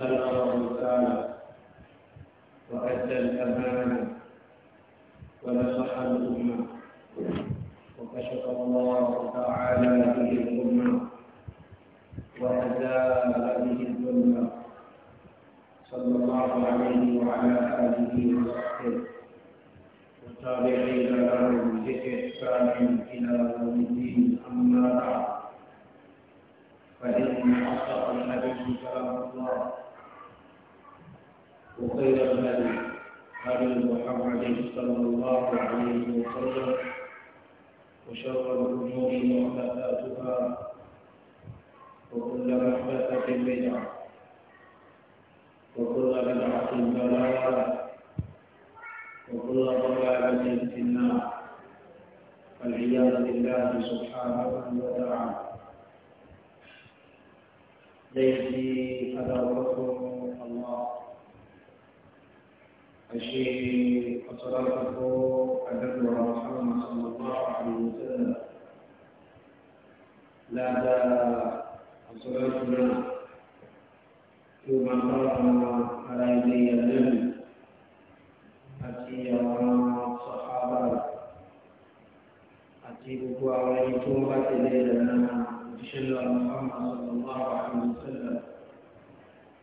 بلغ الرسالة وأدى الأمانة ونصح الأمة وكشف الله تعالى به الأمة وأزال هذه الظلمة صلى الله عليه وعلى آله وصحبه والتابعين لهم بإحسان وخير الهدي هدي محمد صلى الله عليه وسلم وشر الامور محدثاتها وكل محدثه بدعه وكل بدعه ضلاله وكل ضلاله في النار والعياذ بالله سبحانه وتعالى ليس هذا الوقت الشيء وصلاته النبي محمد صلى الله عليه وسلم لا دا صلاتنا ثم قرأنا على يدي النبي أتي الصحابة أتي بقوة ويتوبة إلينا بشر محمد صلى الله عليه وسلم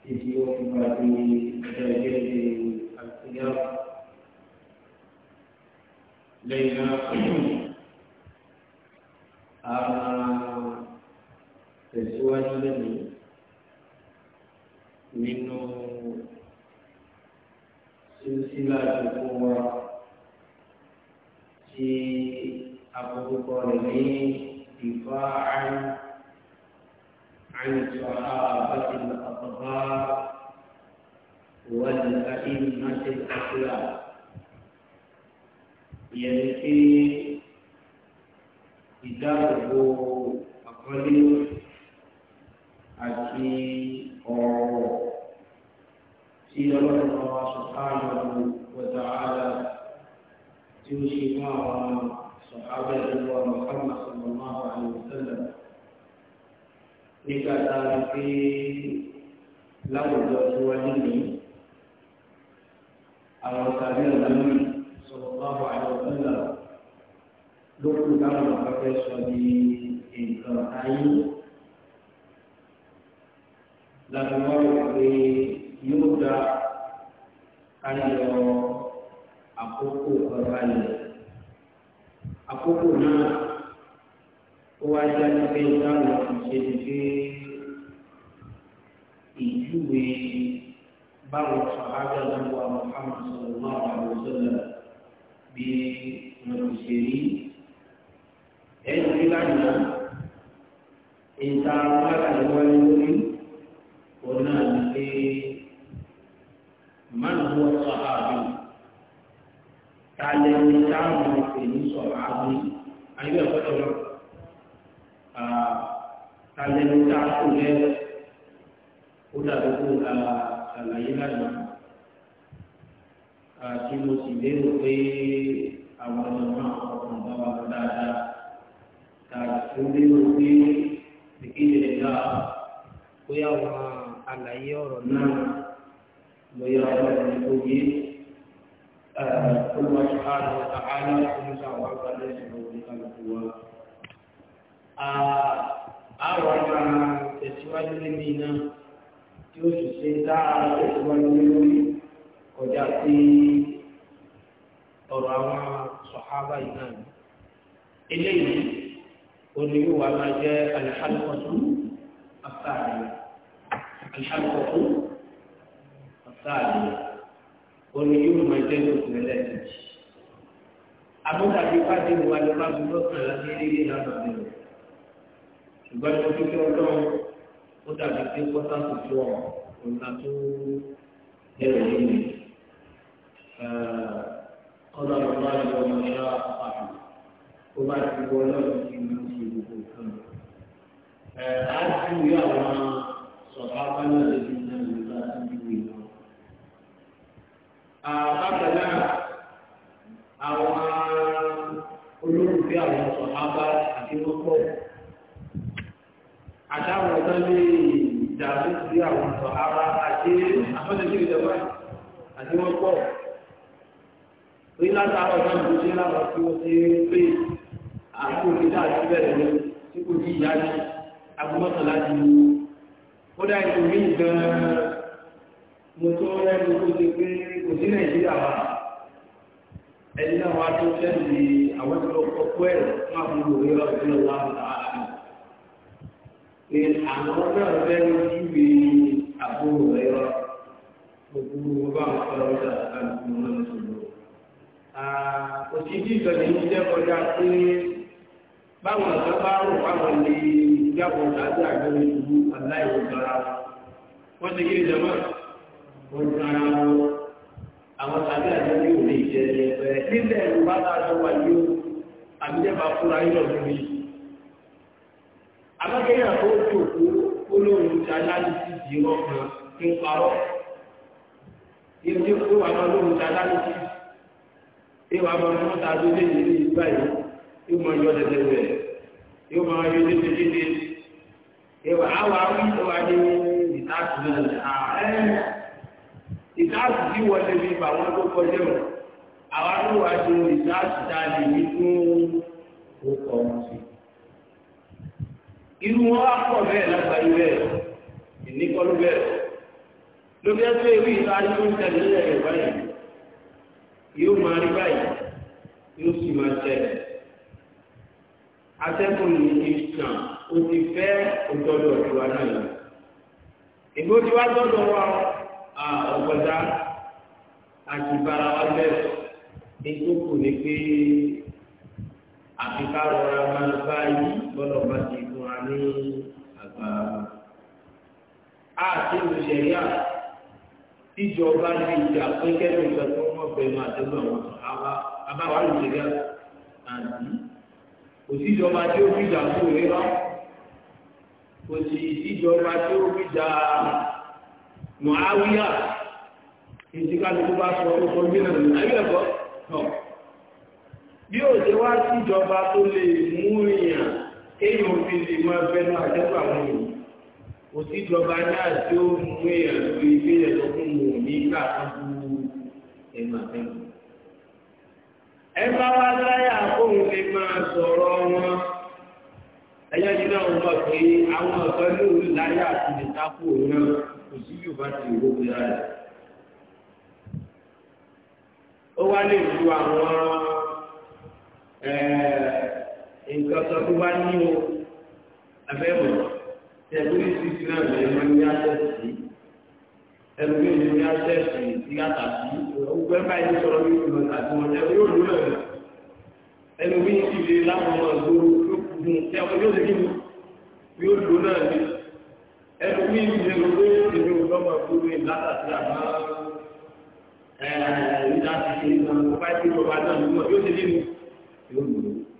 إذ يوم بعد الهجرة لينا أما آه، تسوى جلني منه سلسلة قوة في أبو قرني دفاعا عن الصحابة الأطهار والأئمة الأخلاق يلقي إداره أقل أتي أو سيد الله سبحانه وتعالى توشي معه صحابة الله محمد صلى الله عليه وسلم nígbà tá a rí pé láwùjọ tí wọ́n ní nìyí àwọn tàbí ọ̀nàmì sọ̀rọ̀ báwo àwọn ọ̀nà lókùn káwọn afẹ́fẹ́ sọ ní nǹkan ayé làbẹ̀wọ́ rẹ̀ pé yóò dá ayọ̀ àkókò ọ̀rọ̀ ayọ̀ àkókò náà ó wá jáde pé táwọn ọ̀sẹ̀ ti ìjúwe báwọn sàhábà lọ́wọ́ Muhammad sallallahu alaihi wasallam bí wọn ti ṣe rí ẹni tí lánàá ìta wákàtí wáyé lórí òun náà ní pé máa ń wọ sàhábà ta lẹni táwọn ọ̀pẹ̀ ní sàhábà ayé ẹ̀kọ́ tó lọ ta lẹni táwọn ọ̀pẹ̀ ó dàbí kó àlàyé lánàá àti mo sì lérò pé àwọn ọmọ náà ọkàn bá wa dáadáa tààtò lérò pé ìkéde ẹ̀dá bóyá àwọn àlàyé ọ̀rọ̀ náà bóyá ọ̀rọ̀ tó yé olùwà sùhánù àhánà olùsọ àwọn àgbàdo ìṣòro oníkàlùkù wa. àwọn ọmọ tẹ̀síwájú lé náà tí ó sì ṣe dáa tẹ̀síwájú lórí kọjá sí ọ̀rọ̀ àwọn sọ̀hábà yìí náà ni. eléyìí oníwí wa máa jẹ́ alihàlùkọ́tù àtàlẹ́ alihàlùkọ́tù àtàlẹ́ oníwí wa máa jẹ́ lóṣù ẹlẹ́ẹ̀kejì. àbúkàdé pàdé ìwà bá gbọ́dọ̀ kàn láti rí ìlànà rẹ̀ ṣùgbọ́n tó fi kí ó dàbí pé kọ́tà tó tó ọ̀ ọ̀nà tó bẹ̀rẹ̀ yìí ọ̀nà ọ̀nà ìwọ ọmọ ìyá àpàtà ó bá ti wọ ọlọ́run tí wọ́n ti gbogbo nǹkan. á ti wí àwọn sọ̀rọ̀ abáyọ̀ lẹ́yìn náà ló bá ti náà àwọn olórúfẹ́ àwọn sọ̀rọ̀ abá àti wọ́n pọ̀ àdáwọn ọ̀tọ́ lè dàbí sí àwọn ọ̀tọ̀ ara àti afọ́nẹ́kiri ìjọba àti wọ́n pọ̀ orí látara ọ̀tọ́ ìlú ṣe láwọn tí wọ́n ti pè àti òkèdè àti bẹ̀rẹ̀ ni tí kò ní ìyá ní agbọ́mọ̀tàlá ti mú ó dá ètò mí gan-an mo tó rẹ́nu tó ṣe pé kò sí nàìjíríà wa ẹni náà wá tó fẹ́ẹ̀ àwọn ìlú ọkọ̀ ẹ̀rọ fún àbúrò orí ọ̀rọ̀ ọ̀la pé àwọn náà fẹ́ lójúwe àbúrò ẹ̀rọ gbogbo ọba àwọn ọ̀dà àti ọmọ ìṣòro. òṣìṣẹ́ ìjọba yìí jẹ́ kọjá pé báwọn ọ̀dọ́ bá rò báwọn lè jábọ̀ láti àgbẹ̀rẹ̀ ìlú aláìwòsára wọ́n ti kéré jọmọ́ wọ́n ti ara wọn àwọn tàbí àjọyọ̀ yóò lè ẹgbẹ́ nílẹ̀ ìlú bá wà yóò àbíjẹ́ bá fúra yóò lọ́dún abájẹ́yà tó jòkó olóhùn ṣáláàlì sí di ọkàn tí ń parọ́ yóò tí ó wà máa lóhùn ṣáláàlì sí yóò wà máa mọ́ta tó lé ní ilé ìgbà yìí yóò máa yọ tẹ̀tẹ̀ rẹ̀ yóò máa yọ tẹ̀tẹ̀ tẹ̀tẹ̀ yóò wà áwà wí tó wà ní ìtàkù náà ẹ̀ ìtàkù tí wọ́n lè fi bà wọ́n tó kọjá mọ́ àwa tó wà ní ìtàkù tá a lè ní irú wọn á pọ̀ bẹ́ẹ̀ lágbàáyé bẹ́ẹ̀ ìníkọlù bẹ́ẹ̀ lóbi ẹgbẹ́ ìwé ìtajú tó ń tẹ̀lé lẹ́yìn báyìí yóò máa rí báyìí yóò sì máa tẹ̀lé atẹ́kùn ní ìsàn ó ti fẹ́ òjọ́dọ̀ ìwà náà lọ. ìgbó tí wá gbọ́dọ̀ wá ọ̀gbọ̀dá àti ìbára wa bẹ̀rẹ̀ ní tó kù ní pé àfikà rọra máa bá yí gbọ́dọ̀ bá ti ní àgbà àti ìṣẹ̀yà tíjọba ní ìjà pé kẹ́lẹ́ ìgbà tó wọ́n bẹ̀ máa dẹ́gbà wọn abáwá ìṣẹ̀yà àti òsíjọba tí ó fi ìjà fún òrera òsíjọba tí ó fi ìjà mọ̀áwíyà ìdíkàtí tó bá sọ ọkọ̀ gbé náà ní ayé bí ó ṣe wá síjọba tó lè mú ìyàn kéèyàn òfin lè máa bẹnu àjẹpọ̀ àwọn èèyàn kò sí ìjọba náà tí ó mú èèyàn lu ilé rẹ̀ lọ fún wọn ní káàkiri ẹnu àtẹnu. ẹ bá wá láyà kóun lè máa sọ̀rọ̀ wọn ẹ̀yà pé àwọn láyà àti náà kò sí yóò bá nǹkan kan tó bá ní o abẹ́mọ̀ tẹ̀lé títí náà lè máa ní àtẹ̀sí ẹnu bí mi ní àtẹ̀sí sí àtàkì ọgbẹ́ báyìí sọ̀rọ̀ bí mi lọ àti wọn ẹ̀rọ yóò lọ rẹ̀ ẹnu bí mi ti lè láwọn ọmọ ìgboro yóò kún ẹ̀rọ yóò lè kíni yóò lọ náà ni ẹnu bí mi lè lọ pé èmi ò lọ́mọ ìgboro yìí látàkì àbá ẹ̀ẹ́dá ti ṣe ìgbà wọn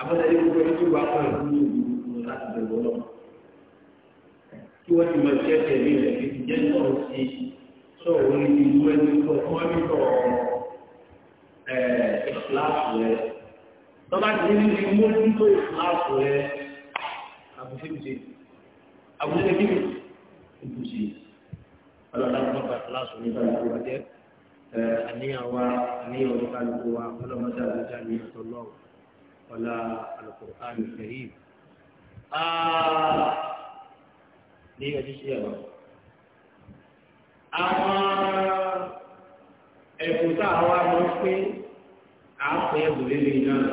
abọ́dẹ́lẹ́ gbogbo ẹni tó wà fún ẹ̀kú ní ìlú láti bẹ̀rù ọlọ́ kí wọ́n ti mọ iṣẹ́ tẹ̀lé rẹ̀ kí ti jẹ́ náà sí sọ̀rọ̀ orí ti mú ẹni tó fún ẹni tó ìfúláàfù rẹ̀ tọ́ba ti ní ti mú ẹni tó ìfúláàfù rẹ̀ àbúṣebùṣe àbúṣe kí ni ìbùṣe ọlọ́dà fún ọgbà ìfúláàfù rẹ̀ báyìí tó wà àníyàn wa àníyàn oníkàlùkù wa ọlọ́mọdé àbújá àníyàn tó ọlá alukur'an karim ní ọjọ́ sí ẹ̀rọ. àwọn ẹ̀bùn tá a wá mọ́ pé à ń pè ẹ̀bùn lélẹ̀ náà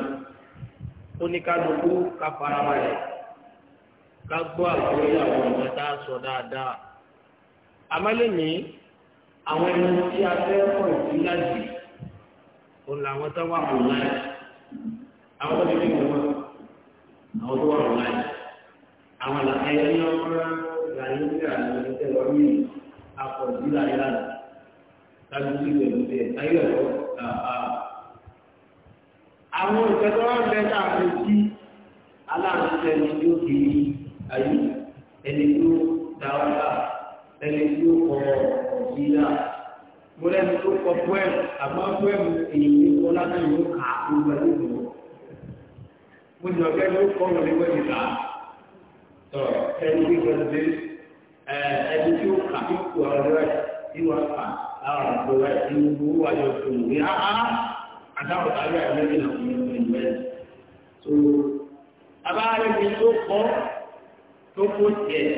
ó ní kálukú ká fara balẹ̀ ká gbọ́ àgbọ̀wé àwọn ọ̀gá tá a sọ dáadáa. àmọ́ lónìí àwọn àwọn tó lè gbé wọn àwọn tó wà wọn láyé àwọn làkàyẹ ní ọmọlá làyé ní àná ìtẹ lọ ní àpọ̀jù láyé lánà láti sí ìgbẹ̀lú tẹ ayé ẹ̀rọ àwọn ìfẹ́tọ́ wọn bẹ tá a fi sí aláàbíṣe ẹni tí ó kì í ayé ẹni tí ó dáwọ́ta ẹni tí kọ ọ̀bí náà mo lẹ́nu tó kọ fún ẹ̀ àmọ́ fún ẹ̀ èyí ní kọ́lá náà yóò kà á fún ẹ̀ lóko mo jọ kẹ́ ló kọ́ wọn ní wẹ́ẹ̀dì bá tọ ẹni tí wọ́n ti ẹni tí ó kà í kú ọ̀rọ̀ rẹ̀ tí wọ́n kà láwọn àgbo rẹ̀ tí wọ́n bú wà yọ tó ní áhà àtàwọn tàbí àgbẹ̀bí náà fún mi ìwẹ̀ tó abáyé mi tó kọ́ tó kó tiẹ̀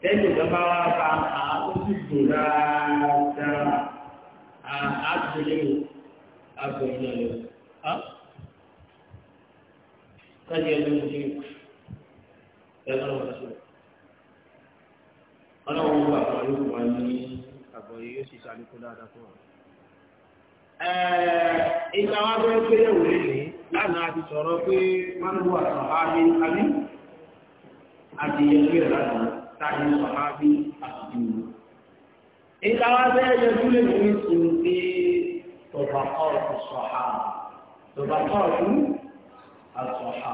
tẹ́lẹ̀ bàbá wa bá a ó sì dùn dáadáa a á tó yẹ o a kájí ẹgbẹ́ mi ti ẹgbẹ́ náà wọ́n sọ. ní yóò sì dáadáa fún wa. ìgbà wa pé ní lánàá àti pé àti lánàá asọ̀hà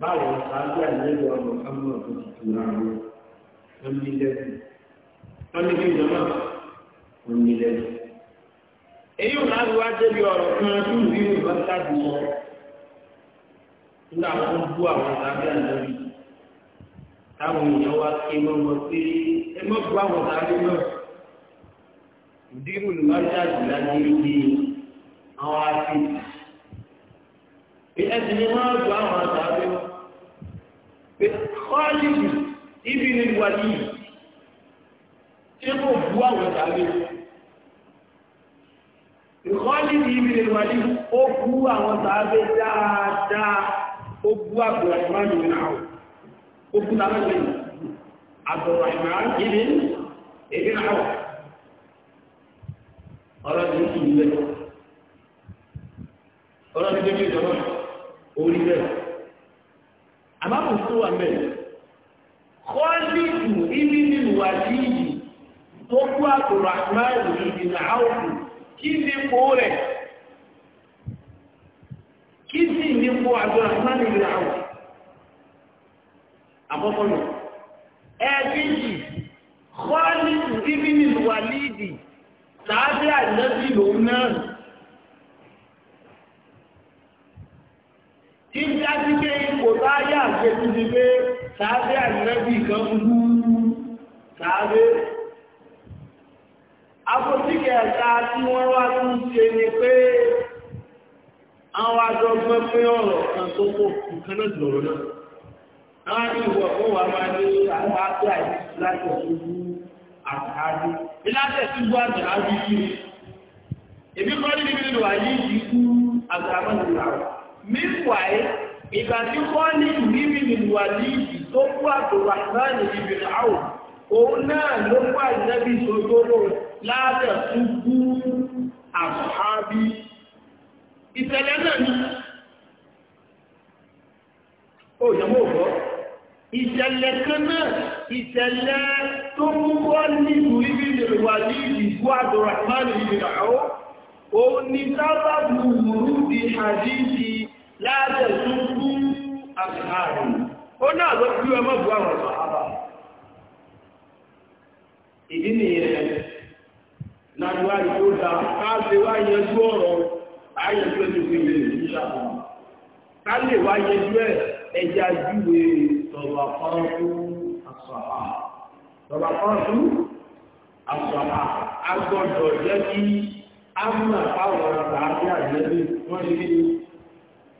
báwo sáájú àìlẹ́yìn ọmọ kámọ́ tó ti tu ra wọn wọn ní lẹ́nu wọn ní kíjọ náà wọn ní lẹ́nu. èyí ò náà wá débi ọ̀rọ̀ kan tó ń bí ìwà sáàbù sọ nígbà tó ń bú àwọn sáájú àìlẹ́yìn táwọn èèyàn wá ké mọ́mọ́ pé ẹ mọ́ bú àwọn sáájú náà ìdí ìrùlùmọ́ sáàbù láti rí i àwọn akéèyàn pé ẹsìn ni wọ́n gbọ́ àwọn àtàwé wọn pé kọ́ọ̀lì ibi ni wà yìí tí kò bu àwọn àtàwé wọn ìkọ́lì ní ibi lè wà ní ó bú àwọn tàbí dáadáa ó bú àgbòrò ìmáàlù náà ó bú tàbí àgbòrò ìmáàlù ilé èdè náà ọ̀rọ̀ ìlú ìlú ọ̀rọ̀ ìlú ìjọba orí bẹ́ẹ̀ àbábò tó wà mẹ́rin kọ́lìkù ibi nínú wà sí ìyí tó kú àkùrọ̀ àmáàlù ìdìnà áwùkù kí ní kó rẹ̀ kí sì ní kó àjọrọ̀ àmáàlù ìdìnà áwùkù àkọ́kọ́ nù ẹ̀ẹ́dẹ́jì kọ́lìkù ibi nínú wà lídìí tàbí àjẹ́sí lòun náà tí ń dájú pé ipò láyé àgbẹ̀tù ni pé sáré àìrẹ́bì kan ń hú sáré afọ́síkẹ̀ ẹ̀ta tí wọ́n wá tún ṣe ni pé àwọn adọ́gbọ́n pé ọ̀rọ̀ kan tó kó nǹkan náà lọ̀rọ̀ náà náà ní ìwọ̀ fún wa máa ní àwọn àti àìsí láti ọ̀ṣọ́gbú àtàrí láti ọ̀ṣọ́gbú àtàrí yìí èmi kọ́ meanwhile ìgbà tí wọ́n ní ìrírí ìwà líìdì tó kú Abdulrahman ibi àwọn òun náà ló wà nẹ́bí sojóró láàrẹ̀ tún kú àbúhábí ìṣẹ̀lẹ̀ náà ni ó yẹmọ́ òbọ́ ìṣẹ̀lẹ̀ kan náà ìṣẹ̀lẹ̀ tó mú wọ́n ní ìrírí ìwà líìdì kú Abdulrahman ibi àwọn òun ni sábàbù wùrú di hadithi láàjẹ̀ túnkú àfihàn ó náà ló kú ọmọ bu àwọn sàhábà ìdí nìyẹn láàrúwá ìlú wá yẹjú ọ̀rọ̀ ayẹjú ẹjú ìlú ìṣàkó yẹjú ẹ ẹja júwe tọ̀wà fọ́nrú àsọ̀hà agbọ́dọ̀ jẹ́ kí á mú àpáwọn àti wọ́n ṣe kí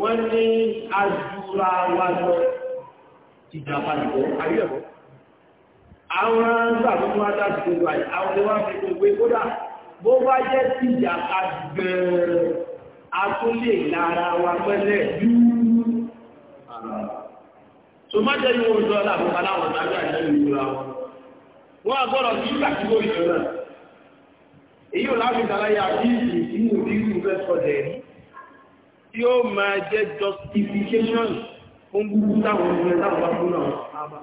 wọ́n ní ajúra wa lọ ìjàmbá ìbò ayẹ́bọ̀. Àwọn agbàgbọ́n wá dájú gbogbo àyè, àwọn ni wá fi gbogbo ìkódà bó bá jẹ́ sí ìjàmbá gbẹ̀rẹ̀ atúlé lára wa pẹ́lẹ̀ yúú. Tó má jẹ́ ní oúnjẹ ọ̀la àbúkà láwọn ìdájọ́ àìlẹ́ ìjọra wọn. Wọ́n àgbọ́dọ̀ sí ìgbà tí ó ìjọ náà. Èyí ò láfi ìdáláyà bí ìsìn ìmú ìdí ìrú fẹ́ sọ tí ó máa jẹ́ justification fún gbogbo táwọn ọmọ táwọn abúlé àwọn àbá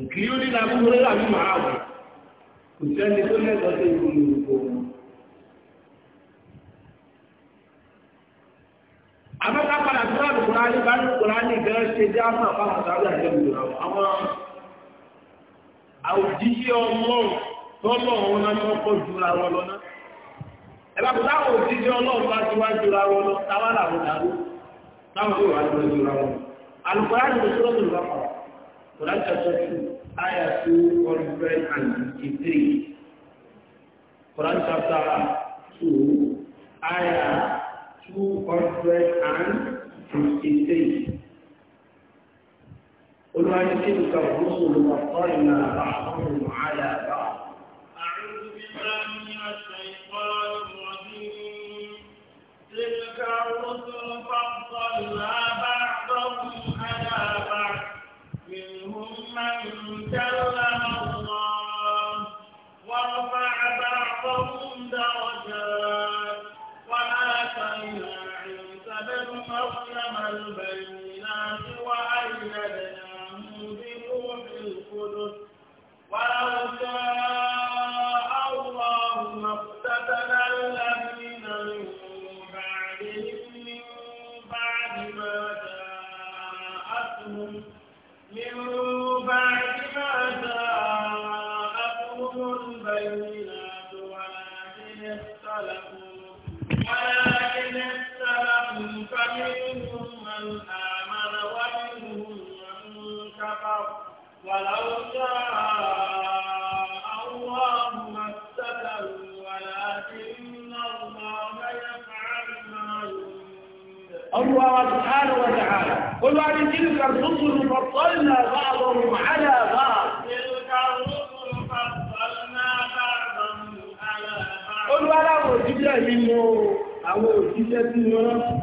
including abúlé àbí màáwù kò sẹ́ni tó lẹ́tọ̀ọ́ sí ìlú yorùbá àbẹ́ká padà tó láti kùránì bá ní kùránì gẹ́rẹ́ ṣe dé àwọn àpapọ̀ tàbí àjẹ́bùdó àwọn àwòjíṣẹ́ ọmọ tọ́lọ̀ wọn lọ́kọ̀ jùlọ àwọn lọ́nà ẹ̀dàkùn táwọn òjíṣẹ́ ọlọ́run bá ti wá jura wọn lọ táwọn làwọn dàrú táwọn yóò wá jura jura wọn alùpàá ní oṣù lọ́sùn lọ́pọ̀ kòlá chapter two ayà two hundred and fifty three kòlá chapter two ayà two hundred and fifty three tí kò kàwé lóṣù lọ́pọ̀ ìlànà àwọn ọmọ bá. àrùn bí wọ́n الله سبحانه وتعالى قل وعن تلك الرسل فضلنا بعضهم على بعض تلك الرسل فضلنا بعضهم على بعض قل تلك وجد منه أو وجد منه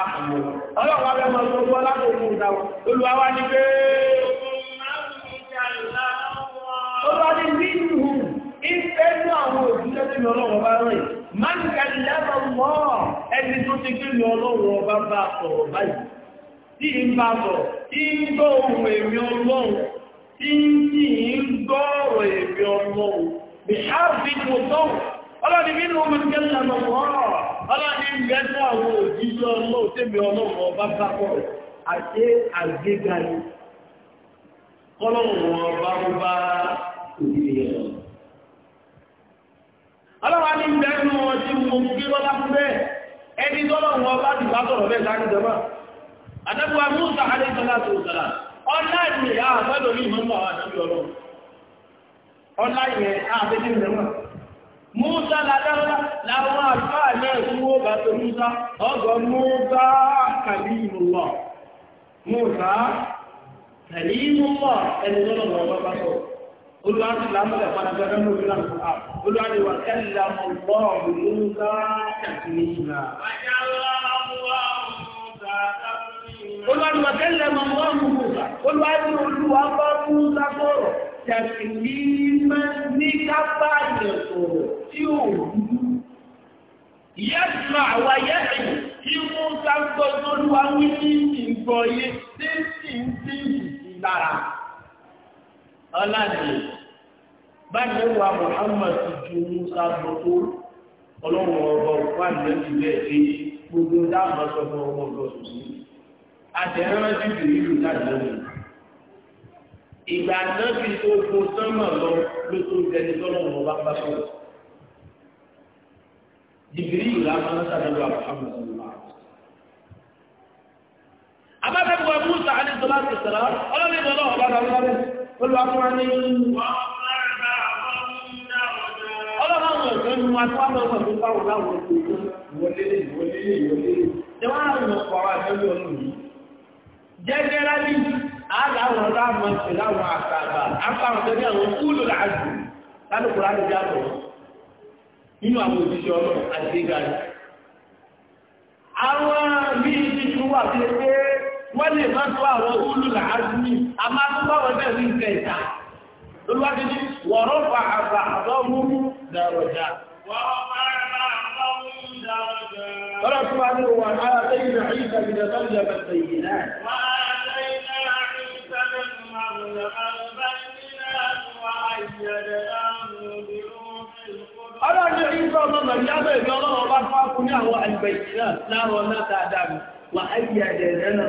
àpapọ̀. ọlọ́wọ́ abẹ́ mọ gbogbo alákòókò ìgbà wọn olùwà wa ni pé. olùwà ni bí ìhù ìfẹ́ ní àwọn òṣìṣẹ́ tí mi ọlọ́wọ́ bá rìn máa ń ga ìyáàbà mọ́ ẹni tó ti gbé mi ọlọ́wọ́ bá bá ọlọ́ni ìgbẹ́nu àwọn òjíṣẹ́ ọlọ́ òtẹ́mi ọlọ́run ọba bákọ̀ àti àgbéga ni kọ́lọ́run ọba ọrụ bá òbílẹ̀ wọn ti mú gbé lọ́lá fún bẹ́ẹ̀ ẹni tọ́lọ́run ọba ti bá bẹ́ẹ̀ láti Múúsá ládára láwọn àfá náà tí wó bá tó Múúsá, ọgọ́ Múúsá kàlímùlọ̀. Múúsá kàlímùlọ̀ ẹni lọ́nà ọ̀rọ̀ bá sọ. Olúwa ti lámọ́lẹ̀ padà gẹ́gẹ́ mú ìlànà ọ̀pá. Olúwa Múúsá kàlímùlọ̀. wà kẹ́lá mọ̀ bọ́ọ̀lù tẹ̀sílímọ́ ní kápá ìyẹ̀sọ̀rọ̀ tí ò rú. Yẹ́sùn àwa yẹ́sùn tí mú sáńgbọ́ tó lúwa wí ní ìgbọ̀yé tí sì ń tí ìsì lára. Ọlájì, báyìí ó wà Mùhàmmad ti ju Musa gbọ́ tó ọlọ́run ọgbọ́ wà lẹ́yìn bẹ́ẹ̀ ṣe gbogbo dáhùn ọ̀sọ̀ fún ọmọ ọgbọ́ sùn sí. Àtẹ̀rẹ́rẹ́ sí ìlú ìlú láti lọ́wọ́ ìgbà náà fi tó fo sánmà lọ ló tó dẹni tọ́lọ̀ wọn bá bá sọ̀rọ̀. jìbìrì ìlà máa ń sàdédé àwọn àmọ̀ sọ̀rọ̀ máa. abáfẹ́fẹ́ wa musa alisala ti sara ọlọ́ni ìjọba ọba kan lọ́wọ́ olùwàkúrá ní. ọlọ́run àwọn ọ̀sẹ̀ ń wá tó wà lọ́wọ́ tó bá wò láwọn ọ̀sẹ̀ tó wọlé wọlé wọlé. jẹ́wọ́n àwọn ọ̀pọ̀ àwọn àjọ a ga sí láwọn àkàbà afáwọn tó ní àwọn kúlù láàájú nínú àwọn òṣìṣẹ́ àti àwọn wà fi pé wọ́n lè tó àwọn kúlù láàájú ní a máa tó bẹ́ẹ̀ ní nǹkan ìta lóríwájú ní wọ̀rọ̀ fa àgbà àbọ̀mú dàrọ̀jà Ọlọ́run tó wá ní wọn, ara Ọlọ́run ní ìgbà ọmọ Màríyámẹ́ ìgbà ọlọ́run bá fún ákú ní àwọn àìbẹ̀yìn náà láwọn láta dáàmì wà áyí àjẹ̀rẹ̀ náà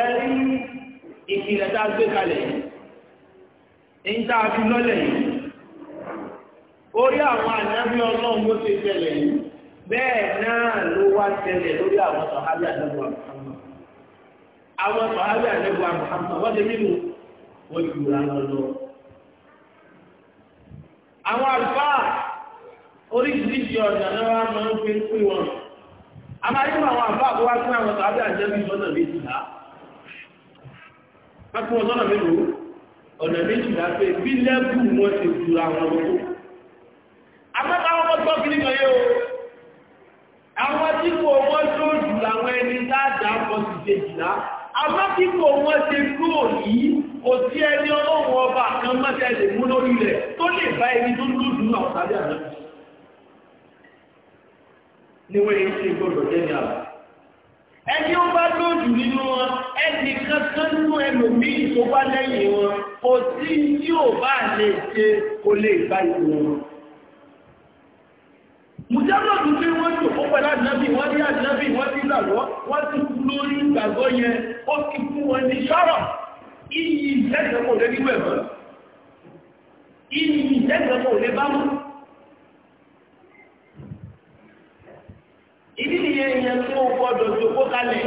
Ẹ̀rí ìkìlẹ̀ tá gbé kalẹ̀ ń tá a fi lọ́lẹ̀ yìí. Orí àwọn ànábí ọlọ́run ló ti tẹ̀lẹ̀ yìí. bẹ́ẹ̀ náà ló wá tẹ̀lé lórí àwọn sọ̀hábí àdẹ́bùwà Muhammad àwọn sọ̀hábí àdẹ́bùwà Muhammad wọ́n ti nínú wọ́n ju ara lọ. àwọn àlùfáà oríṣiríṣi ọ̀nà náà máa ń fi pín wọn. a máa àwọn àlùfáà tó wá sí àwọn sọ̀hábí àdẹ́bù sọ́nà méjìlá. wọ́n fún wọn sọ́nà mélòó ọ̀nà méjìlá pé bí lẹ́bù wọn ti àwọn ọmọ tó. àwọn tí kò wọ́n lóòjù làwọn ẹni dáadáa pọ̀ sí kejìlá àmọ́ tí kò wọ́n ṣe kúrò yìí kò sí ẹni ọlọ́run ọba kan mọ́tẹ́ lè mú lórí rẹ̀ tó lè bá ẹni tó lóòjù náà tàbí àná níwọ̀n èyí ṣe gbọ́dọ̀ jẹ́ ní àbá ẹni ó bá lóòjù nínú wọn ẹni kankan nínú ẹlòmíì tó bá lẹ́yìn wọn kò sí tí bá lè ṣe kò lè bá ìwọ̀n wọn mùsàlọ́dún pé wọ́n lò pẹ̀lú ànábì wọ́n rí ànábì wọ́n rí tí ó gbọ́dọ̀ tó kó kalẹ̀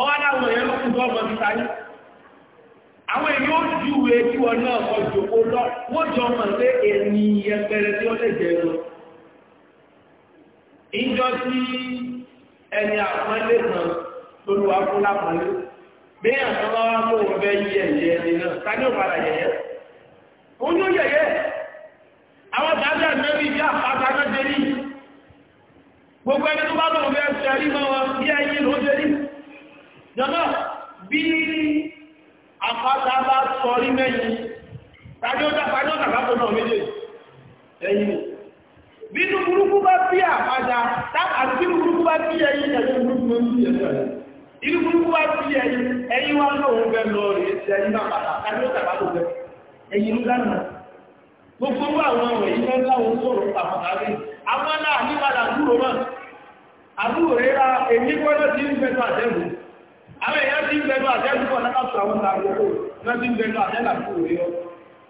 ọwọ́ láwọn èèyàn lókùn tó ọmọ títa ní àwọn èèyàn ó ju ìwé tí wọn náà lọ wọ́n jọ mọ̀ pé ènìyàn bẹ̀rẹ̀ tí ó lè lọ ìjọ tí ẹni àpọ́nlé kan lóluwà fún lápọ́nlé bí àwọn bá wá kó wọn bẹ́ yí ẹ̀yẹ ẹni náà ká ní òpadà yẹ̀yẹ́ òun ló yẹ̀yẹ́ àwọn dáadáa mẹ́rin bí àpáta náà dé ní gbogbo ẹni tó bá lóun bẹ́ sẹ́rí mọ́ wọn bí ẹyin ló dé ní jọmọ́ bí àpáta bá sọ rí mẹ́yìn tàbí ó dá tàbí ó dàgbà tó náà méjèèjì ẹyin Binu burúkú bá bí àpájá àti burúkú bá bí burúkú bí inú burúkú bá bí wá bẹ lọ bá ó tàbá bẹ ló gbogbo àwọn yìí fẹ́ láwọn sọ̀rọ̀ àwọn náà náà rẹ̀ ra èmi gbọ́dọ̀ ti ń bẹ̀rù àtẹ́rù àwọn èèyàn ti ń ndụ àtẹ́rù pọ̀ náà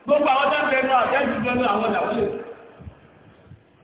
gbogbo àwọn tó ń àtẹ́rù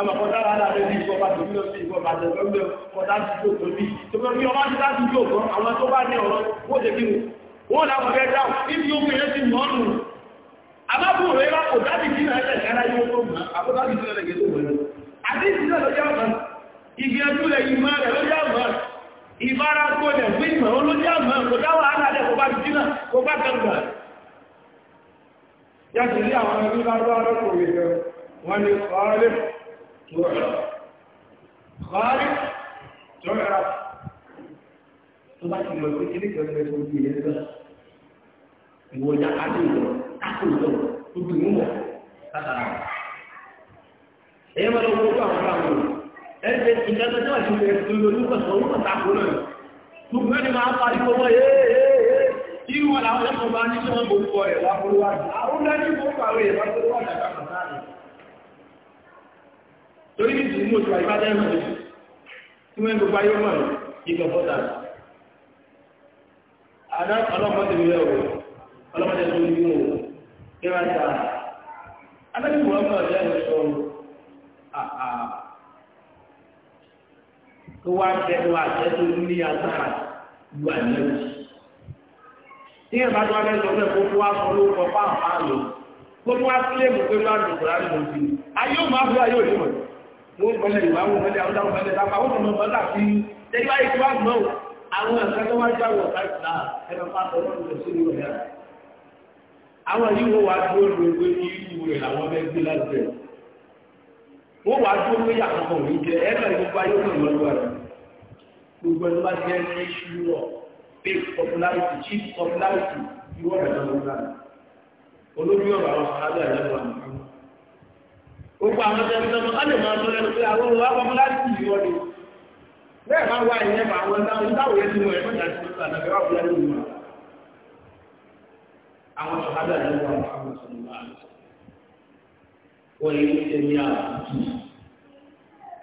àmà kọjá rárá rẹ̀ ní ìwọ̀n bá tòmí lọ sí ìwọ̀n bá tẹ̀ lọ́gbẹ̀ kọjá sí tó tóbi tó bẹ́ bí ọmọ ti láti jò kan àwọn tó bá ní ọ̀rọ̀ ó jẹ́ kí wọ́n láwọn fẹ́ dáhùn níbi ó fẹ́rẹ́ sí mọ́ọ̀nù àbábù rẹ̀ rà kò dábì kí náà ẹ̀ṣẹ̀ kára yóò tó mọ̀ àbúdábì sí ọ̀rẹ́ gẹ̀ẹ́sì òwúrẹ́ àti ìsìnlẹ̀ lọ́jọ́ àmọ́ igi ẹdúlẹ̀ ìmọ̀ rẹ̀ lọ́jọ́ àmọ́ ìbára kó lẹ̀ fún ìmọ̀ olójọ́ àmọ́ kò dáwọ́ aládẹ́ kò bá jí náà kò bá kẹgbà yàtì àwọn ẹgbẹ́ lárúbáwá lọ́kùnrin rẹ̀ wọ́n ni ọ̀rẹ́ تعرف خالق تعرف طبعا لو قلت لك انا بقول لك بس هو ده عادي تاكل ده تقول له هذا ايه ما لو قلت انا بعمل ارجع كده ده ده شوف يقول له بس هو تاكل شوف مين ما عارف هو ايه irú wọn làwọn ọmọ bá ní sọ́wọ́n gbogbo ẹ̀ wà fún wa àwọn ọmọ ní gbogbo àwọn èèyàn bá tó wà ní àkàkọ̀ sáà torí ní ìdí mú ìwà ìbádẹ́ ìmọ̀ ní tí wọ́n ń gbogbo ayé mọ̀ ìgbọ̀ bọ́dà. Àdá ọlọ́mọdé mi rẹ̀ o, ọlọ́mọdé tó ní mú o, kí wọ́n ta. Adébí wọ́n mọ̀ ọ̀dẹ́ ẹ̀rọ sọ àà. Kí wọ́n á bẹ̀rù àṣẹ tó ní agbára ju àlẹ́wò. Tí ìyẹ̀bá tó wá fẹ́ sọ fẹ́ kó tó wá sọ lórúkọ fáàfáà lò, kó tó mọ̀ pé wọ́n á dùn kúrò á lè lò Ayé ò máa fún ayé òní mọ̀ wọ́n mọ́lẹ̀ ìwáwó mọ́lẹ̀ àwọn àwọn mọ́lẹ̀ àwọn àwọn ọmọ mọ́lá fi tẹ́lá ìgbà mọ́ àwọn ẹ̀ka tó wájú àwọn ọ̀tá ìgbà ẹ̀rọ pàtó lọ́dún lọ sí ìwọ̀n yára àwọn yìí wọ́n wá dúró lóògbé ní ìlú rẹ̀ làwọn bẹ́ẹ̀ gbé láti rẹ̀ wọ́n wá dúró lóyè àkọ́kọ́ òní jẹ ẹ̀rọ ìgbà yóò kàn lọ́wọ́ rẹ̀ gbogbo ẹni jẹ́ ní ṣúrọ̀ big popularity chief popularity gbogbo àwọn ọjọ́ ìjọba ọmọ ọdún máa tọ́lẹ̀ pé àwọn olùwàpamọ́ láti ìlú ọdún bẹ́ẹ̀ máa wá ìyẹn bá àwọn ọdún táwọn ẹni mọ̀ ẹ̀fọ́jà sí ìlú àdàbẹ̀ wà fúlẹ̀ nínú wa àwọn ṣọ̀kadà ní wọn àwọn ṣọ̀nùmá wọ́n yìí ń tẹ̀lé àwọn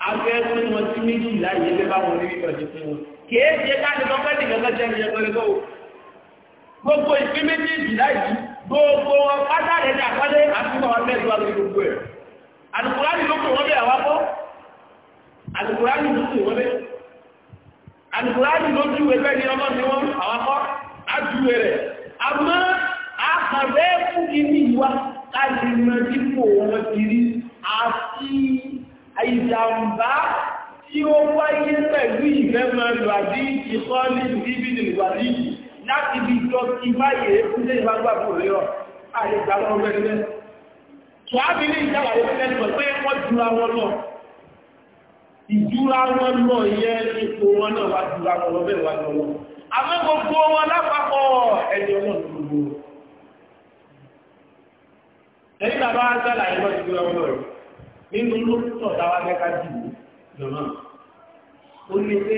akẹ́kọ̀ọ́ ni wọ́n ti méjì láyé lé bá wọn níbi ìtọ́jú fún wọn kìí ṣe káàdì lọ́pẹ́ nìkan kan jẹ́ ìyẹn pẹ̀lú gbogbo gbogbo ìpín méjì láyé gbogbo wọn pátá rẹ̀ ní àpáde àti wọn tẹ̀lé wa lórí gbogbo ẹ̀ alukurani ló pè wọ́n bẹ́ẹ̀ àwọn akọ́ alukurani ló pè wọ́n bẹ́ẹ̀ alukurani ló ju ẹgbẹ́ ní ọmọ mi wọ́n àwọn akọ́ ajuwe rẹ̀ àmọ́ akàbẹ́ fún kíní ìwà káàdì mọ́ dípò wọn kiri àti ìjàmbá tí ó wáyé pẹ̀lú ìfẹ́ máa lò àbí ìkọ́ ní ìbí nìgbàdí láti bí jọ kí báyìí fún lè gbàgbàgbò rẹ̀ ọ̀ àìgbàgbọ́ rẹ̀ Ṣọ́ábí ní ìjàlàyé tẹ́lẹ̀mọ̀ pé wọ́n jura wọn lọ. Ìjura wọn lọ yẹ ipò wọn náà wá jura wọn lọ bẹ́ẹ̀ wá lọ wọn. Àmọ́ gbogbo wọn lápapọ̀ ẹni ọlọ́run gbogbo. Ẹni bàbá wá sàlàyé wọ́n jura wọn lọ rẹ̀. Nínú ló sọ̀tà wá mẹ́ka jù lọ́nà. Ó ní pé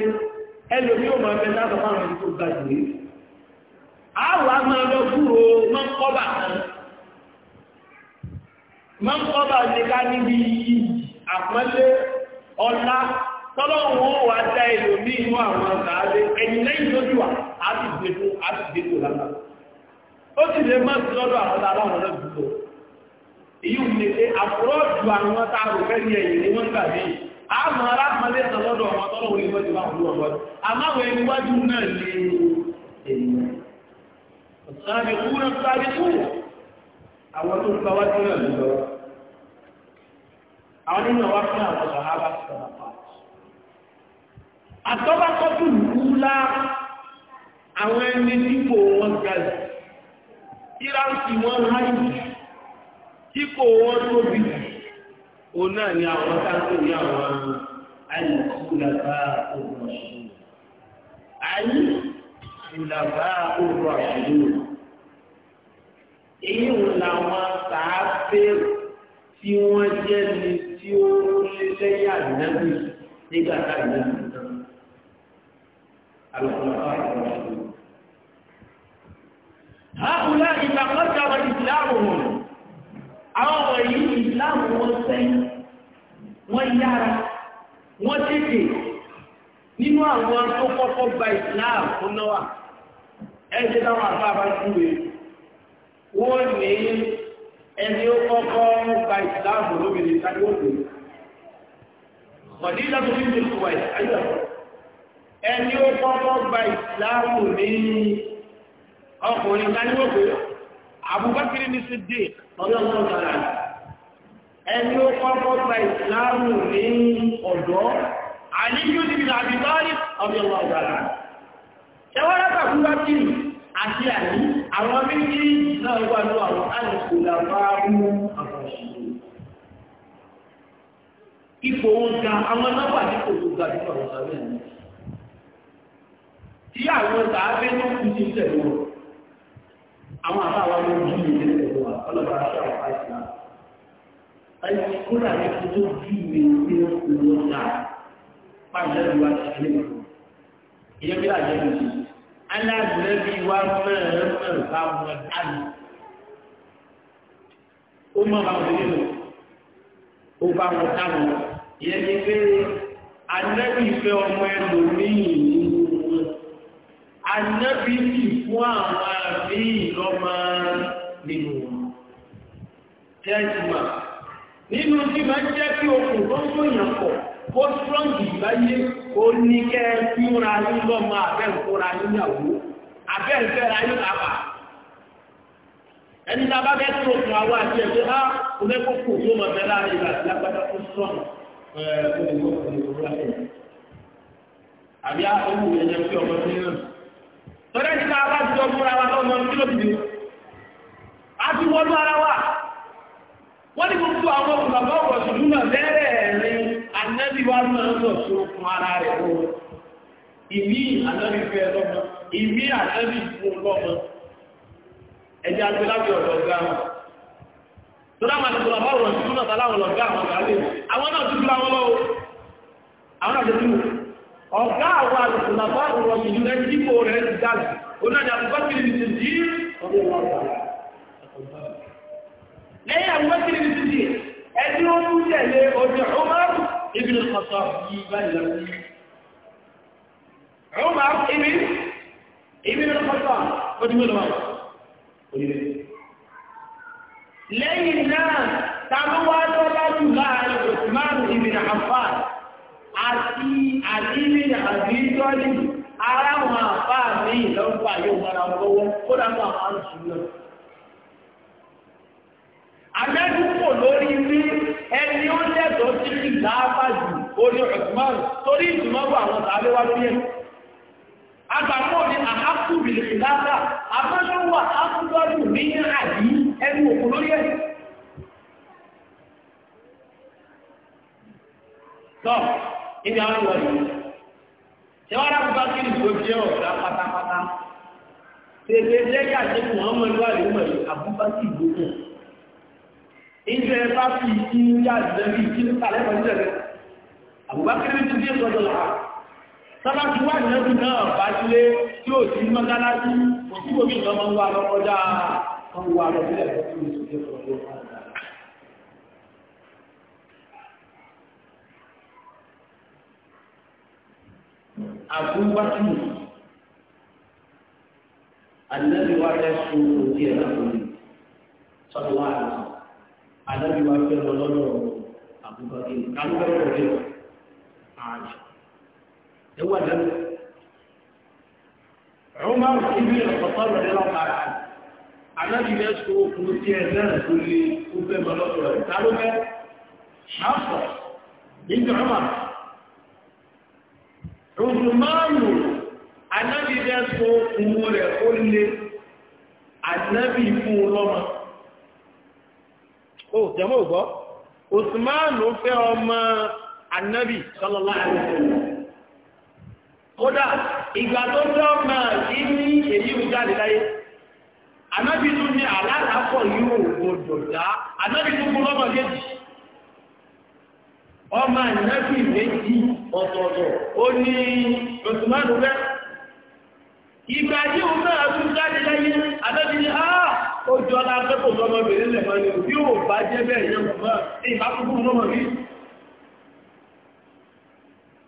ẹlòmí ò máa fẹ́ láti fáwọn ẹni tó gbàgbé. Àwọn àmọ́ ẹlọ́gbúrò máa ń kọ́ bàtà máa ń kọ́bà ṣe ká níbi iyì àpọ́nlé ọlá tọ́lọ́wọ́ wà dá èlò ní inú àwọn àgbàálé ẹ̀yìn lẹ́yìn lójú wa á sì gbé fún á sì gbé fún lára ó sì lè má sí lọ́dọ̀ àwọn aláwọ̀ náà dúró èyí ò lè ṣe àkúrọ̀ ju àwọn tá a rò fẹ́ ní ẹ̀yìn ní wọ́n gbà dé àmọ́ arákùnrin sọ lọ́dọ̀ àwọn tọ́lọ́wọ́ lè wọ́n ti máa wù wọ́n àmọ́ àwọn ẹni wájú náà àwọn tó ń bá wá sí náà ló lọ àwọn nínú wa fún àwọn sàhábà sọ̀rọ̀ pa àtọ́bátọ́tù ńlá àwọn ẹni dípò wọn gàlẹ̀ ìrántí wọn háyì dípò wọn tóbi òun náà ni àwọn táńtò ní àwọn àìlùkúlàbá òun ọ̀ṣun àìlùkúlàbá òun ọ̀ṣun béèrè tí wọ́n jẹ́ ni tí ó lé lẹ́yà nẹ́bí nígbà táyà nẹ́bí náà. Àlùfáà ìgbà wọn. ìgbàkọ́jà wọn ìsìláàmù wọn. Àwọn wọ̀nyí ìsìláàmù wọn sẹ́yìn. Wọ́n yára, wọ́n tètè nínú àwọn tó kọ́kọ́ gba ìsìláàmù fún náà. Ẹ jẹ́ táwọn àbá bá dúwe. Wọ́n ní ẹni ó kọ́kọ́ gba ìsìláàmù lóbìnrin sáré òkú kọ̀dí ìlànà ní ìlú ìwà ìsáyọ̀ ẹni ó kọ́kọ́ gba ìsìláàmù ní ọkùnrin sáré òkú Abubakar ní Siddiq lọ́dọ̀ ọ̀sán sára ẹni ó kọ́kọ́ gba ìsìláàmù ní ọ̀dọ́ Aliyu ní ìlànà ìbárí ọ̀dọ̀ ọ̀sán sára ẹwọ́n látàkùn bá kiri àti àní àwọn méjì náà wà ní àwọn alìkòlà bá mú àwọn ìṣòro ipò wọn ga àwọn nọ́mbà ní kò tó ga bí ọ̀rọ̀ sàbẹ̀ ní tí àwọn sàábẹ́ tó kú sí tẹ̀lé wọn àwọn àbáwá ló ń jí ìlú tẹ̀lé wọn ọlọ́pàá aṣọ àwọn àìsàn ẹni kódà ní kí tó bí ìwé ní owó náà pàṣẹ ìwà ìṣẹ̀lẹ̀ ìyẹn bí àjẹ́ ìṣẹ̀lẹ̀ alágbèrè bí wa mẹ́rin mẹ́rin bá wọn dání ó mọ bá wọn nínú ó bá wọn dánù yẹn ni pé anábì fẹ́ ọmọ ẹlòmíì nínú wọn anábì sì fún àwọn àbíyì lọ́mọ nínú wọn tẹ́símà nínú tí máa jẹ́ kí okùn tó ń gbòyàn pọ̀ kó strong ìgbáyé. ó ní kẹ́ múra yín lọ́mọ abẹ́ǹkóra yín yàwó abẹ́ǹfẹ́ra yín ẹni tá a bẹ́ tó fún àwọn àti ẹgbẹ́ á onígbòkò tó mọ̀ bẹ́ láàrin ìgbà tí lágbádá tó sọ̀nù àbí àwọn ìyẹn fi ọmọ sí náà tọ́lá ti ká ànábì wá máa lọ sí ara rẹ̀ wọ́n ìmí ànábì fẹ́ lọ́mọ ìmí ànábì fún lọ́mọ ẹ̀jẹ̀ agbélábì ọ̀gá àwọn ọ̀gá àwọn náà tún láwọn lọ́wọ́ àwọn náà tún ọ̀gá àwọn àtùtùlá báwọn ọ̀sùn náà jípò ti dáàbì onájà àbúgbàkiri ti jí lẹ́yìn ti ẹni ó mú tẹ̀lé ọmọ ibi ní kọ̀tọ̀ yìí báyìí lọ sí. Rọ́bà ibi ibi ní kọ̀tọ̀ ó ti wọ́n lọ́wọ́. Lẹ́yìn náà, tàbíwá tó lájú láàrin Osman ibi ní Affan àti àdínlẹ̀ àdínlọ́lì ara wọn àfá mi lórí rí ẹni ó lẹ́tọ̀ọ́ sí ní láàbàjù orí Uthman torí ìdùnnọ́rù àwọn tàbí wá lórí ẹ̀ agbàmọ́ ni àhákù bìlì láàbà àmọ́lọ́wọ́ àkúgbọ́dù ní àdí ẹni òkú lórí ẹ̀ tọ́ ibi àwọn ìwọ̀n yìí ṣe wá lábùbá kí ni kò jẹ́ ọ̀gá pátápátá jẹ́ kí ọmọ ìlú yìí àbúbá sì ilé bá fi kí ń yá ìdẹ́bí kí ń tàlẹ́ pẹ̀lú ẹ̀rẹ́ àbúgbákẹ́rẹ́ ti dé sọ́jọ́ là sábà tí wà ìrẹ́bí náà bá sílé tí ó ti mọ́gálá sí òkú omi ìjọba ń wà lọ́kọjá ń wà lọ́kọjá àbúgbákẹ́rẹ́ الذي وعد السوء في الأمر صلى الله عليه وسلم àdábì wa fẹ́ lọ lọ́dọ̀ àbúkọ́ kí kálukọ́ rẹ̀ ààyè ẹ wà lẹ́nu. Umar ibi ọ̀pọ̀ rẹ̀ lọ para àdábì rẹ̀ so okùn tí ẹ náà tó lé ó fẹ́ lọ lọ́dọ̀ rẹ̀ kálukọ́ ṣàfọ̀ níbi Umar. Rùdùmánù àdábì rẹ̀ so okùn rẹ̀ ó lé àdábì fún lọ́mọ ó jẹ́mọ́ ògbọ́ Usman fẹ́ ọmọ anabi sallallahu alaihi wasallam kódà ìgbà tó fẹ́ ọmọ yìí ní èyí ń jáde láyé anabi tún ní alálàpọ̀ yìí ò gbọdọ̀ dá anabi tún kú lọ́mọ méjì ọmọ anabi méjì ọ̀tọ̀ọ̀tọ̀ ó ní Usman fẹ́ ìgbà yìí ó náà tún jáde láyé anabi ní áà. Ah, ó jọ lápẹ́kò lọ́mọbìnrin lẹ̀ máa ní bí ó bá jẹ́ bẹ́ẹ̀ yẹn mọ̀ náà ní ìbákúkú lọ́mọ mi.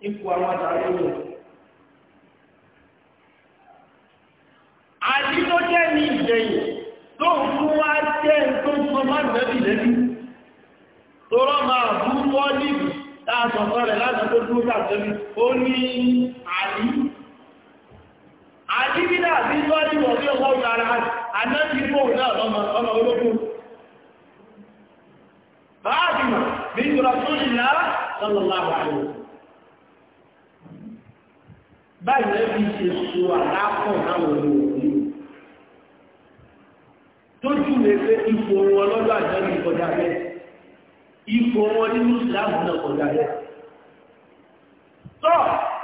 ipò àwọn àtàrí lò. àdínlójẹ́ ní ìgbẹ̀yìn tó ń fún wá jẹ́ tó ń sọ máa nẹ́bì lẹ́bí. tọ́rọ máa bú pọ́lìbì láàtọ̀kọ́ rẹ̀ láti tó dúró sàtẹ́bí ó ní àdí. àdí bí dàbí lọ́dí wọ̀ bí ọwọ́ àti anábì fóònù náà lọ́mọ ọmọ ológun báàdìmọ̀ bí i rọ̀túnlá lọ́lọ́láwà rẹ̀ báyìí lẹ́bí ṣe so àlápọ̀ láwọn olóòrí tójú lè pé ipò wọn lọ́dọ̀ àjọ́lù kọjá rẹ̀ ipò wọn nínú ìsìláàmù náà kọjá rẹ̀ tọ́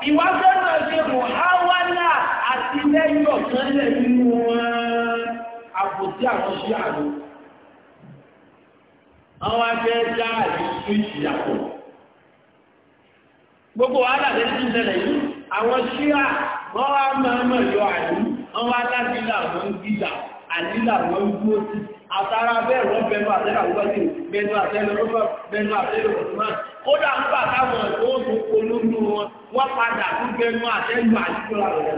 ìwájọ́ náà ṣe mọ̀ háwálà àti lẹ́yìn ọ̀kan nínú wọn tako sí àwọn sí àlọ́. Àwọn afẹ́ já àlè síwìtì yàtọ̀. Gbogbo wàhálà lè ti ṣẹlẹ̀ yìí, àwọn ṣíà wọ́n wá máa mọ̀ yọ àlú, wọ́n wá láti là wọ́n gíga, àlílà wọ́n dúró sí. Àtàrà bẹ́ẹ̀ wọ́n bẹnu àtẹ́lẹ̀ àwùjọ́sí, bẹnu àtẹ́lẹ̀ rọ́bà, bẹnu àtẹ́lẹ̀ òṣùmá. Kódà ń bà táwọn ẹ̀kọ́ òṣùn polówó wọn, wọ́n padà tún bẹnu àtẹ́lẹ̀ àdúgbò àwọn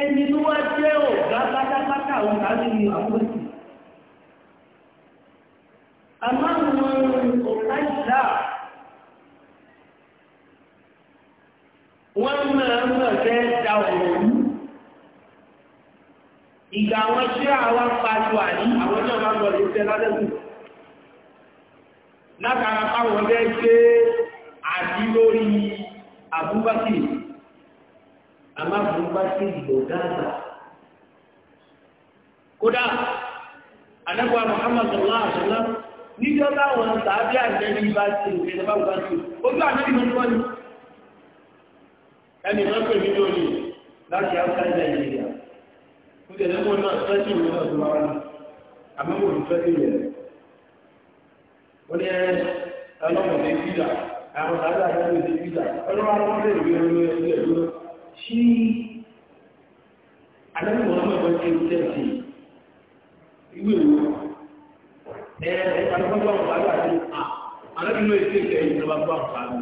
ẹni tó wá jẹ́ ọ̀gá pátápátá àwọn kàájú ni àwọn ẹ̀sìn àmọ́ àwọn ọ̀gá ìlà wọ́n máa ń lọ fẹ́ da ọ̀rọ̀ mú ìgbà àwọn ṣé àwa pariwo àní àwọn náà máa ń lọ lè lálẹ́kùn látara báwọn fẹ́ ṣe àdí lórí àbúbákìrì aláàbùnbá sí ìgbòga àgbà kódà anábọ̀ Muhammad allah àṣọlá níjọ́ táwọn tàbí àjẹ́rí bá ti ìrìn ẹ̀dá bá ti ojú àjẹ́rí ló ń wọ́n ni ẹni wọ́n pè mí lórí láti outside Nigeria ó jẹ́ lẹ́mọ́ náà fẹ́sí ìwé náà tó wáwá ní àmọ́wò ní fẹ́sí ìwé rẹ̀ ó ní ọlọ́mọdé fídà àwọn tàbí àjẹ́rí fídà ọlọ́wọ́ àwọn ọmọdé ìwé ọlọ́wọ́ shi annabi muhammad ba ce tafsi iwe wo eh alfa ba ba ba ni a annabi no ce ke yi ba ba ba ni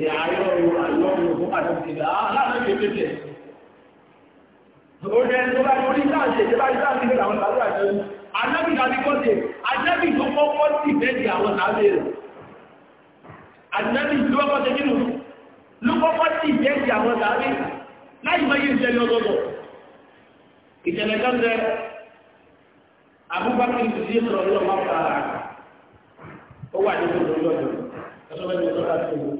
eh ayo ayo ko adam ti da ala na ke ke o de to ba mo ni ta se ba ta ti da won ba di àwọn sabe annabi ló kọ́kọ́ sí ìjẹ́sì àwọn sàárè láì mọ iye ìṣẹ̀lẹ̀ ọlọ́dọ̀ ìṣẹ̀lẹ̀ kan tẹ Abubakar ìdílé sọ̀rọ̀ lọ́wọ́ máa fà á ó wà nínú ìlú lọ́dọ̀ ẹ̀sọ́ bẹ́ẹ̀ ni sọ́dọ̀ àti ìlú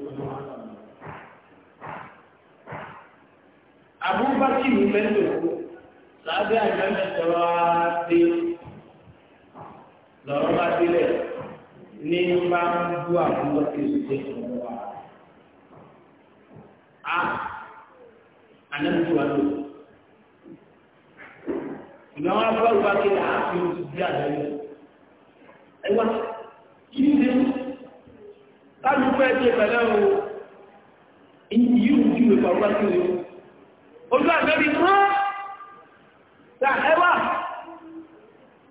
Abubakar ìlú mẹ́tò sábẹ́ àjọyọ̀ sọ̀rọ̀ àti lọ́rọ̀ bá délẹ̀ ní bá ń bú Abubakar ìdílé sọ̀rọ̀ wa. a anabiwa lò ìgbà wọn bá wà kéde àti oṣù bí àdáyé ẹwà yìí dé kálukú ẹgbẹ́ pẹ̀lẹ́ o yìí ò ju ìgbà wà kéde o ojú àgbẹ̀bí kan ta ẹwà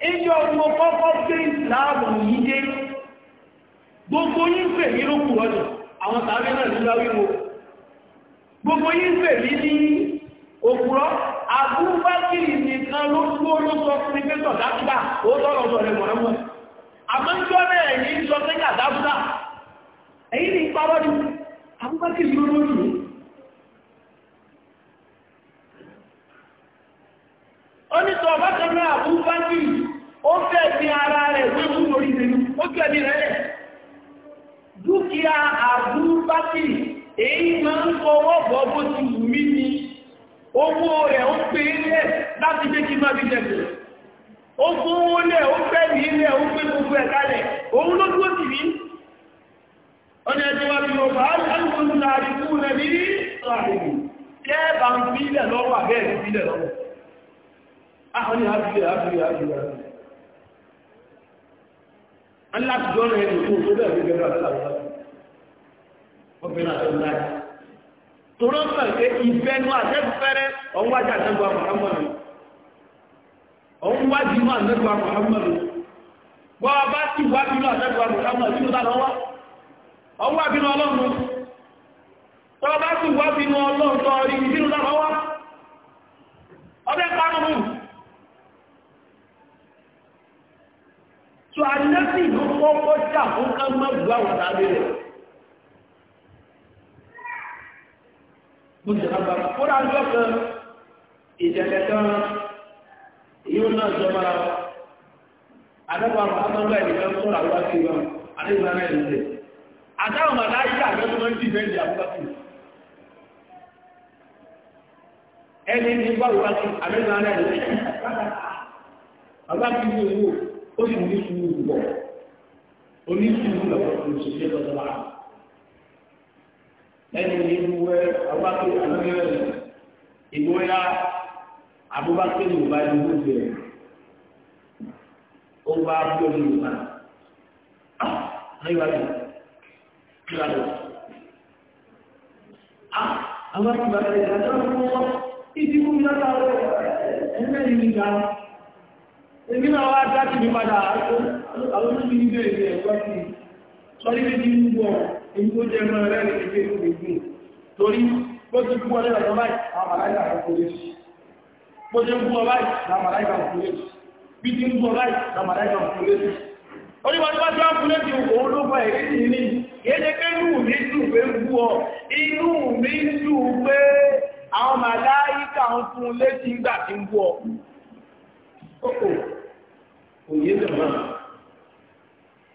ìjọ ọmọ kọ́kọ́ pé ìsìláàmù yìí dé gbogbo yín pè ní lókùrọ̀ ni àwọn tàbí náà ló gbogbo yìí pè mí ní òpùrọ́ àbúbákìrì nìkan ló kú olóso ní pé sọ̀dábùdà ó tọ́lọ̀ sọ rẹ̀ mọ̀rẹ́mọ̀ àmọ́jọ́ náà yìí sọ pé kàdábùdà èyí ni ìparọ́ ni àbúbákìrì ló lóyún onítọ̀ bákanáà àbúbákìrì ó fẹ́ fi ara rẹ̀ wéwú lórí ìrìnú ó fẹ́ mi rẹ̀ dúkìá àbúbákìrì èyí máa ń fọwọ́ bọ́ bó ti wù mí ni owó rẹ̀ ó pé ilẹ̀ láti gbé kí máa bí jẹ̀kù ó fún owó lẹ̀ ó fẹ́ ní ilẹ̀ ó pé gbogbo ẹ̀ kalẹ̀ òun ló dúró sí rí ọ̀nà ẹ̀jẹ̀ wa fi ọ̀fà alùpùpù ńlá àdìkú rẹ̀ ní rí ọ̀rẹ́gbẹ̀ kẹ́ẹ̀bà ń fi ilẹ̀ lọ́wọ́ àbẹ́ẹ̀ fi ilẹ̀ lọ́wọ́ àwọn ah, ni a fi ilẹ̀ obìnrin àti ọ̀la yìí. mọ̀ pé ìfẹ́ àtẹ́fẹ́rẹ́ ọ̀hún wájú àtẹ́gbọ́ àmọ̀hámọ́lù. Ọ̀hún wájú inú àtẹ́gbọ́ àmọ̀hámọ́lù. Bọ́ bínú lọ́wọ́. mo ti rán bàbá kó dájọ́ kan ìjẹ̀kẹ̀ kan yóò náà jọ mara àdẹ́gbà àtọ́gbà ìdíkan tó rà wá sí ìgbà àdẹ́gbà náà ìdílé àtàwọn màdá yí àgbẹ̀ tó máa ń dìbẹ́ ìdí ẹni ìlúwẹ abubakar àlùyẹ ìlúwẹlá abubakar yorùbá ìlú bẹ ó bá bọ́ọ̀lù yorùbá ah, ayiwa lọ kíra ah àwọn ìgbà rẹ ìdájọ́ fún wọn ìdí fún mi látàwọn ẹgbẹ́ yìí nígbà èmi náà wá dá tìmí padà àwọn olóṣèlú bẹ̀rẹ̀ ẹ̀kọ́ sí i sọ́rí bí i gbọ́ èyí tó jẹ́ mọ́ rẹ̀ ìgbé ìgbé torí bó ti gbọ́ lẹ́rọ tó báyìí àmàláìkà òkúrẹ́sì bó ti gbọ́ báyìí àmàláìkà òkúrẹ́sì bí ti gbọ́ báyìí àmàláìkà òkúrẹ́sì oníwà tó bá tí wọ́n kúrẹ́ ti òun ló bá èrè sí ní yéde pé inú mi dùn pé gbú ọ inú òye lè máa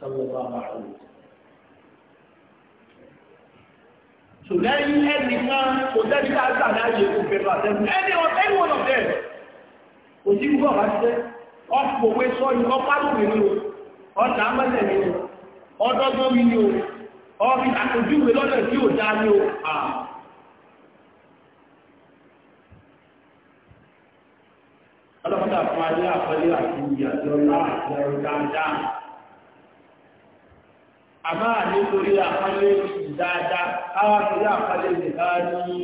sallallahu alaihi wasallam. ṣùgbọ́n yí ẹni kan kò tẹ́bí tá a gbà láàyè kò bẹ̀rù àtẹ́bù ẹni wọn náà bẹ̀rẹ̀ kò sí gbọ́ ṣe sọ yìí ọ̀pálùmí o ọ̀dà mẹ́lẹ̀ o ọ̀dọ́gbọ́n mi ni o ọ̀rí àkójúwe lọ́nà tí ò dá o. fún adé àti náà àti dáadáa. àmá nítorí àpálẹ́ dáadáa káwà torí àpálẹ́ ìdẹ̀ká ní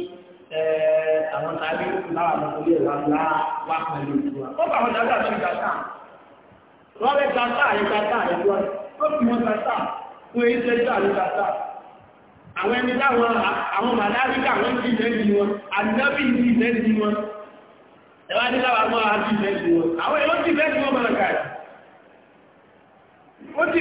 àwọn tàbí láwà nítorí ẹ̀wà ńlá wà pẹ̀lú ìtura. ó ní láwà mọ́ àti lẹ́ ní àwọn èèyàn ti ó ti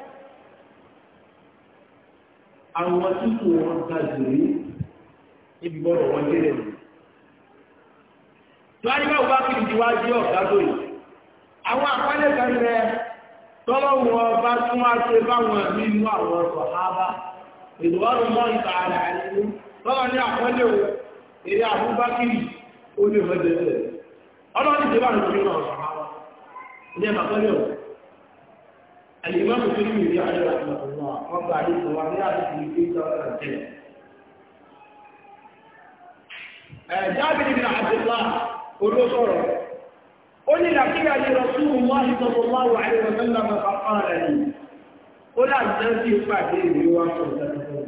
àwọn tí wọn wọ́n ga ibi gbọ́dọ̀ wọ́n jẹ́ rẹ̀. Tọ́lá bá wà kí ìdíwá jẹ́ ọ̀gá tó Àwọn àpálẹ̀ kan tọ́lọ́wọ́ bá tún wá ṣe báwọn ẹ̀mí inú àwọn ọ̀sọ̀ الإمام الترمذي عليه رحمة الله رب عليه الصلاة والسلام في جابر بن عبد الله الرسول قل لقي لرسول الله صلى الله عليه وسلم فقال لي قل أنت في فاتيه وصلته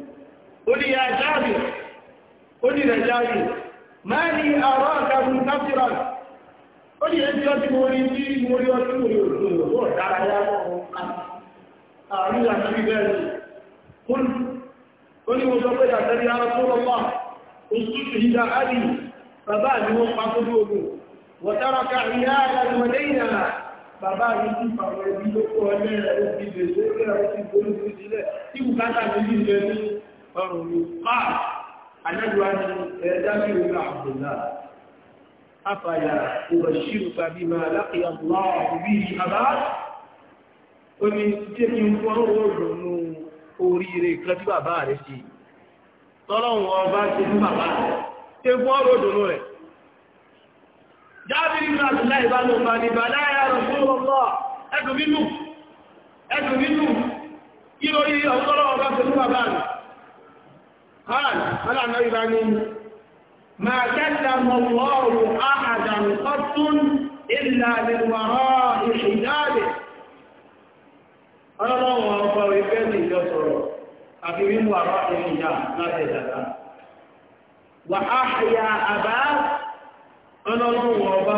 قل يا جابر قل يا جابر ما لي أراك منتصرا ó ní ẹni ọtí mo rí tí mo rí ọtí mo rí òtún òtún ọ̀dára yá àríyá sí bẹ́ẹ̀ ni ó ní mo sọ pé àtẹ́rí ara tó lọ́pàá oṣù ìdá àdì bàbá mi wọ́n pa tó bí ogun wọ̀tára ká ìyá àgbàlùmọ̀dé ìyàrá bàbá mi ti pàwọn ẹbí ló kọ́ ẹlẹ́ òbí bèèrè ó kẹ́ra ó ti gbóló sí sílẹ̀ tí bùkátà mi ní ilẹ̀ ní ọrùn mi pa àjẹ́dùwá ni ẹ̀ẹ́dá sí ogun àbùdá afàyà ìwọ̀ṣírùkà bí máa lápìyà láàrùn bí i àbá ó ní jẹ́ kí n fọ́n òòrùn oríire kan tí bàbá rẹ̀ sí tọ́lọ́run ọba ṣe fún bàbá rẹ̀ ṣe fún ọ̀rọ̀ òdòdó rẹ̀ jábìrì náà ti láì ní bá láyà fún ọlọ́ ما كلم الله أحدا قط إلا من حجابه ọlọ́wọ́ ọkọ̀ ìfẹ́ ní ìjọ sọ̀rọ̀ àti mímú àrọ́ ìrìnjà láti ìdàdà wà áhàyà àbá ọlọ́wọ́ ọba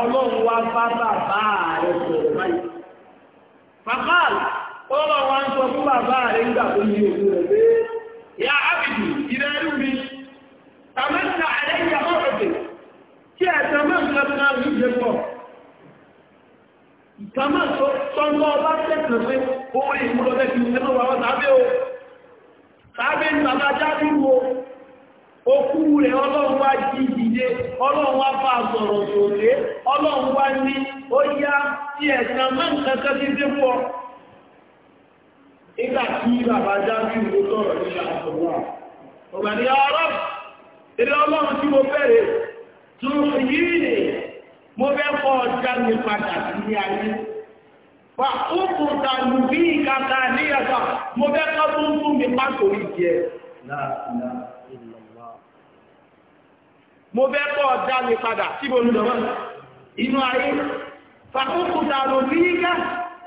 ọlọ́run wá bá bàbá rẹ̀ sọ̀rọ̀ báyìí. Fàkàl, ọlọ́run wá ń sọ fún bàbá rẹ̀ nígbà tó ní rẹ̀ Ya Abidi, ìrẹ́ rú mi, tàmẹ́ta àrẹ ìyàwó ọ̀dẹ̀, kí ẹ̀sẹ̀ mẹ́ta òkú rẹ̀ ọlọ́run wá jí ìdíje ọlọ́run wá bá sọ̀rọ̀ sòdé ọlọ́run wá ní ó yá tí ẹ̀sán máa kankan tí dé pọ̀ nígbà tí bàbá dábí ìlú sọ̀rọ̀ ní àtọ̀wà ọ̀gbàdì ọ̀rọ̀ ilé ọlọ́run tí mo bẹ̀rẹ̀ tún yìí ni mo fẹ́ kọ́ ọjà mo fẹ́ pọ̀ dá mi padà tí mo lọ mọ́ inú ayé fàkókòtà ló ní ìgá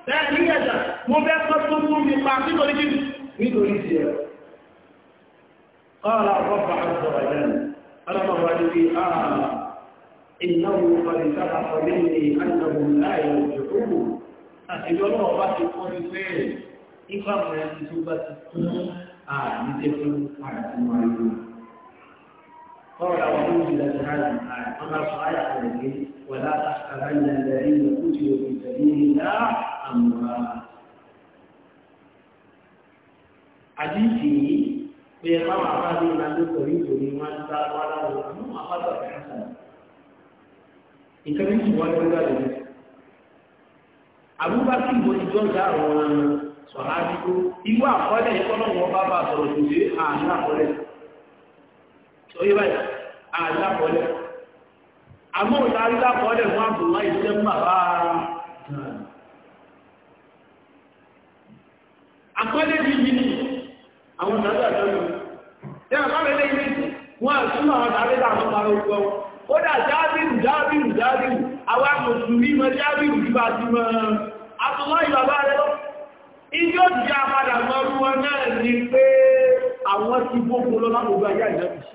lẹ́ẹ̀kí ẹ̀dà mo fẹ́ pọ̀ tó mú mi pa tí mo ní kí nítorí ti ẹ̀ قال رب عز وجل أنا مرادي آه إنه قد سبق مني أنهم لا يرجعون àtẹ̀yọ́ lọ́wọ́ bá ti kọ́ ní pé ìfàmù ẹni tó bá ti fún ààrùn tẹ́fún àti màálù قال وأنزلت هذه الآية أما صايع الذين ولا تحسبن الذين قتلوا في سبيل الله أمواتا حديثي pé báwọn afáàdé máa ń lókò ní ìtòní wọn ń dá wọn láwọn àwọn afáàdé ọ̀rẹ́ àṣà nǹkan méjì wọn lọ́wọ́ lọ́wọ́ lọ́wọ́ àbúbákì ìbò ìjọ ń dá àwọn sọ̀rọ̀ àdúgbò irú àkọọ́lẹ̀ ìkọ́lọ́wọ́ bá bá sọ̀rọ̀ tòṣe àánú àkọọ́lẹ̀ sóyè báyìí àlápọ̀lẹ̀ àmọ́ òta arílápọ̀lẹ̀ fún àbùlá ìṣẹ́ bàbá àpọ́lẹ̀ bí yìí ni àwọn tàbí àjọ́lù ní àpáwẹ́lẹ́ ilé wọn àtúmọ̀ àwọn tàbí àwọn tàbí ogun ó dà jábìrù jábìrù jábìrù àwọn mùsùlùmí mọ jábìrù bí bá ti mọ àtúmọ̀ wọn náà ni pé àwọn ti gbógun lọ láwọn ogun ayé àjẹ́bìsì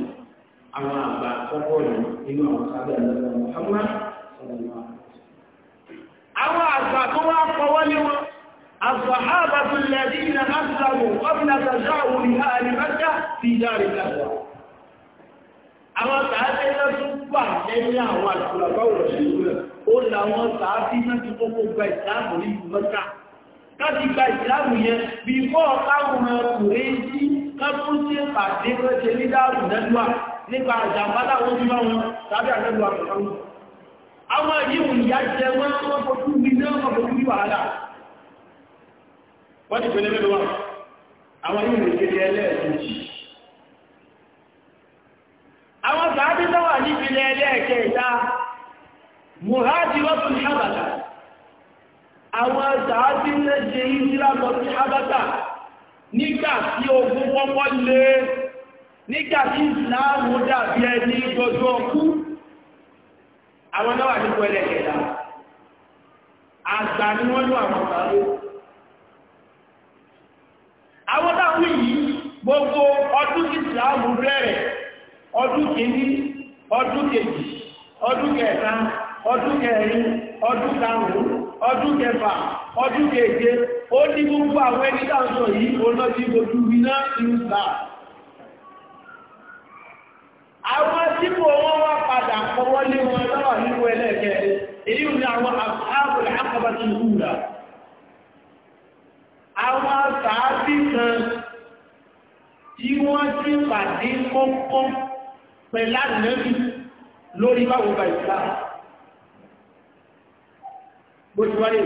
àwọn àgbà àkọ́kọ́ yìí nínú àwọn sábẹ́ ìlọ́wọ́ Muhammad sallallahu àwọn àgbà tó wá kọwọ́ ní wọn الصحابة الذين أسلموا قبل تجاوز أهل مكة في دار الأسوى àwọn tààtẹ́ lọ́tún gbà lẹ́yìn àwọn àtìlọ́gbà òṣèlú rẹ̀ ó làwọn tààtí náà ti kókó gba ìsìláàmù ní ìmọ́ta láti gba nípa àjàmbá láwọn tí wọ́n tàbí àtẹ́lú àpọ̀lọ́wọ́ àwọn yíò ìyá jẹ wọ́n wọ́n fojú mi náà wọ́n fojú mi wàhálà wọ́n ti pẹ̀lẹ́ mẹ́lọ́wọ́ àwọn yíò ìkéde ẹlẹ́ẹ̀kejì àwọn sàábí tó wà ní ìpìlẹ̀ ẹlẹ́ẹ̀kẹta muhadi wọ́n lẹ́jẹ̀ yìí sí sí hábàtà nígbà tí ogun pọ́pọ́ lé nígbàtí ìsìláàmù dàbí ẹni dojú ọkú àwọn náwà wà ní pẹ̀lẹ́ àgbà ni wọ́n lọ àwọn àwọn táwọn yìí gbogbo ọdún ìsìláàmù bẹ̀rẹ̀ ọdún kìíní ọdún kejì ọdún kẹta ọdún kẹrin ọdún ọdún kẹfà ọdún ó ní gbogbo àwọn ẹni táwọn sọ yìí àwọn tí kò wọ́n wá padà kọwọ́ lé wọn lọ́wọ́ nínú ẹlẹ́ẹ̀kẹ́ èyí ni àwọn àbúrò àkọbà ti hùlà àwọn sàábì kan tí wọ́n ti pàdé kọ́kọ́ pẹ̀lá nẹ́bí lórí báwọn bá ìsìlá bó ti wáyé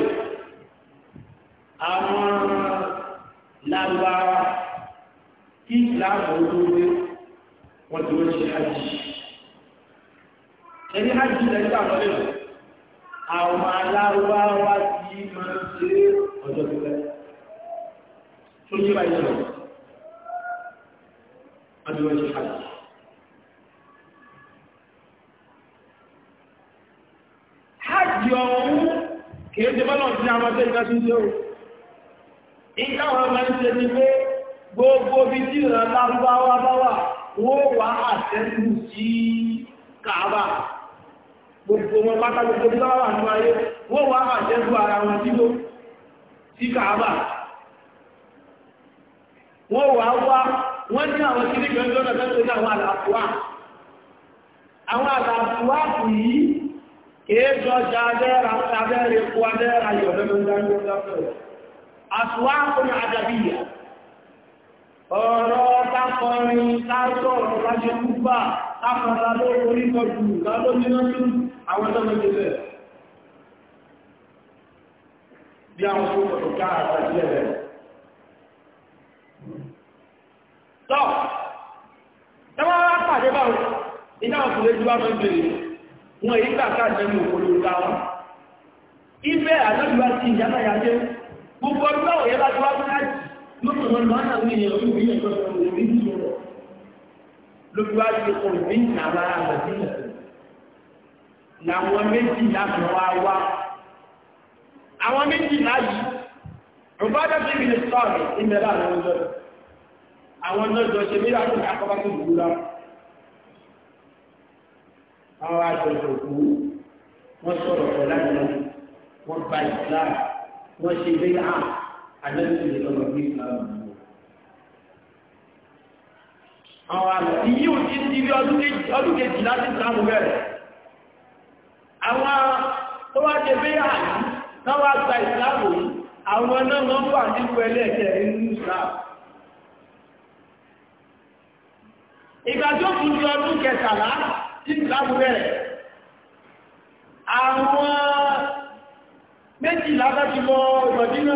àwọn làbára kí ìsìlá àwọn wọ́n ti wọ́n ṣe hajj ẹni hajj lẹ́yìn àwọn ẹ̀rọ àwọn alárúbáwá ti máa ń ṣe ọjọ́ pípẹ́ tó yíra ìlọ wọ́n ti wọ́n ṣe hajj hajj ọ̀hún kìí ṣe bọ́lọ̀ sí àwọn ọjọ́ ìgbà tó ń ṣe o ìgbà wọn máa ń ṣe ni pé gbogbo bíi tí ìrànlọ́wọ́ bá wà wọ́n wá àtẹ́kù sí kàábà gbogbo wọn bá gbogbo tí wọ́n wà ní ayé wọ́n wá àtẹ́kù ara wọn sí ló sí kàábà wọ́n wá wá wọ́n ní àwọn kiri gbẹ̀ngàn náà tẹ́lẹ̀ ní àwọn àlàáfíà àwọn àlàáfíà kù yìí kìí jọ jà abẹ́ra abẹ́rẹ́ kú abẹ́ra yọ̀ lẹ́nu dáńdọ́ kò ní àdàbíyà ọ̀rọ̀ kápọrin káàkọ̀ọ̀rọ̀ láti púpà kápọ̀lá ló orí kọjú lọ́dọ́ nínú àwọn tó mẹ́jẹ bẹ̀. bí àwọn tó kọ̀tọ̀ káàkọ̀ sí ẹ̀rẹ̀ tọ́ tẹ́wọ́n wá pàdé bá iná ọkùnrin jù wá mẹ́jẹ wọn èyí kàkà jẹ́mù òkúrò láwọn ibẹ̀ àjọ́júwá sí ìyátàyájẹ́ gbogbo ọdún láwọn yẹ́ bá ti wá fún láti lójúwájú olùbí nàbà àbẹ̀sílẹ̀ làwọn méjì láti wá wá àwọn méjì láyé rọ̀bádá tí ìbílẹ̀ sọ́ọ̀rọ̀ ìmẹ́lá àwọn ọjọ́ àwọn ọjọ́ ṣe mílá tó àkọ́bá tó dùgbù lá àwọn àjọ̀jọ̀ òkú wọ́n sọ̀rọ̀ ọ̀lá ìlú wọ́n gba ìsìlá wọ́n ṣe bẹ́yà àjẹsí ìjọba ní ìsìlámù àwọn àmì yíò ti ti rí ọdún kejì láti ìsìlámù bẹ̀rẹ̀ àwọn tó wá jẹ bí yà náà wá gba ìsìlámù yìí àwọn náà wọ́n wà nínú ẹlẹ́ẹ̀kẹ́ inú ìsìlámù ìgbà tó kù ní ọdún kẹtàlá tí ìsìlámù bẹ̀rẹ̀ àwọn méjìlá bá ti lọ ìrọ̀dínà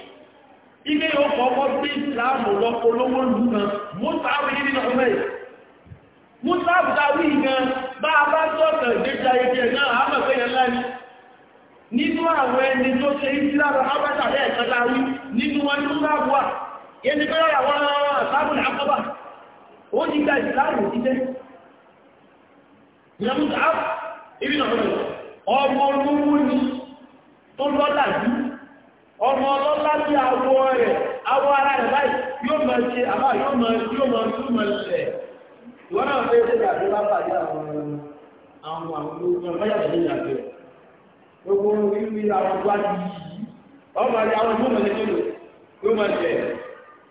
ilé ọkọ̀ ọkọ̀ gbé ìsìláàmù lọ olówó lù náà mọ́sáàbù yìí nínú ọmọ ẹ̀ mọ́sáàbù dáwí gan bá a bá tọ́tọ̀ ìgbéjà ìgbé náà àmọ̀fẹ́ yẹn láni nínú àwọn ẹni tó ṣe ìsìláàmù ábátà lẹ́ẹ̀kan láwí nínú wọn ní mọ́sáàbù wà yẹn ni bẹ́ẹ̀ àwọn àṣàbù ní akọ́bà ó ti gba ìsìláàmù títẹ́ ìyàmùsáàbù ìbí náà ọmọ olówó ni tó lọ́lá yìí ọmọ ọlọ́lá bí awọ rẹ̀ awọ ara rẹ̀ láì yóò máa ṣe àbá yóò máa yóò máa túmọ̀ lẹ̀ ìwọ náà fẹ́ ṣe àbí lápá àti àwọn àwọn àwọn ọmọ yàtọ̀ ní ìyàgbẹ́ gbogbo wíwí àwọn tó wájú yìí ọmọ àti àwọn tó máa ṣe kéde yóò máa ṣe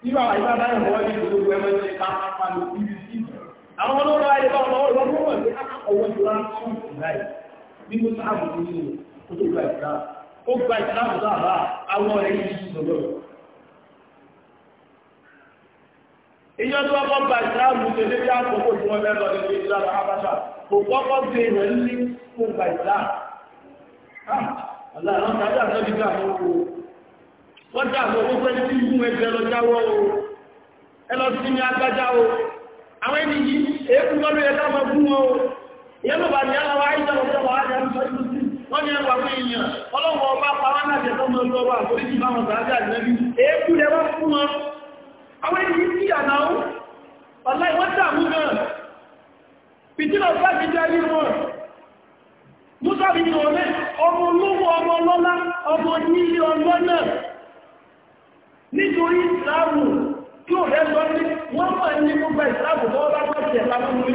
nígbà wà nígbà báyìí wọ́n ti gbogbo ẹ̀ máa ṣe káfíńpá ló bí bí sí àwọn olóró ayé bá wọn lọ́wọ́ ó gba ìsìláàmù láàbá àwọn ọ̀rẹ́ yìí sọ̀rọ̀ èyí ọdún wọn kọ́ gba ìsìláàmù tó lé bí àkókò tí wọ́n mẹ́lọ nínú ìsìláàmù abáṣà kò kọ́kọ́ gbé rẹ̀ ní kó gba ìsìláàmù aláàrán ah, tàbí àtọ́jú gbà mọ́ o wọ́n dà mọ́ gbogbo ẹni tí ìgbìmọ̀ ẹgbẹ́ lọ jáwọ́ o ẹ lọ sí ní agbájá o àwọn ẹni yìí èékú wọn ló yẹ ká mọ fún wọn o ìyẹn ló bá ní àwọn àìsàn ọ̀sẹ̀ wàhálà ń sọ ìlú sí wọ́n ní ẹwà fún èèyàn ọlọ́wọ́ ọba pàwọ́ náà jẹ́ fọ́mọ lọ́wọ́ àforíjì báwọn sàájá ìlẹ́bí èékú lẹ wọ́n fún wọn àwọn ènìyàn sí àdáwó ọ̀lá ìwọ́n dàmú náà pìtínà bá ti jẹ́ rí wọn mútà bí i ọ̀lẹ́ ọmọ olówó ọmọ ọlọ́lá ọmọ nílé ọmọ náà nítorí ìsìláàmù tí ò rẹ́ sọ ní wọ́n mọ̀ ní gbogbo ìsìláàmù tó bá pàṣẹ lábúrú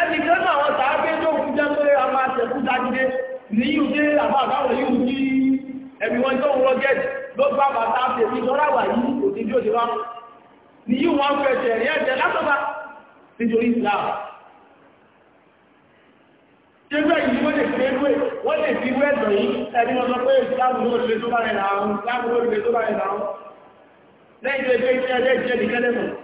ẹni tó náà wọn sàábé tó kú jẹ́ pé a máa tẹ̀kú dájúdé ní yíò dé yíò ní ẹ̀mí wọn tó ń wọ́n jẹ́ ló bá bàtà tèmi lọ́rà wà yìí kò sí bí ó ní yíò wọn fẹ́ tẹ̀ rí ẹ̀jẹ̀ látọ̀bá nítorí Islam ṣébẹ̀ yìí wọ́n lè fi wé wọ́n lè fi wé ẹ̀dọ̀ yìí ẹni wọn sọ pé Islam ló lè tó bá rẹ̀ làwọn lẹ́yìn tó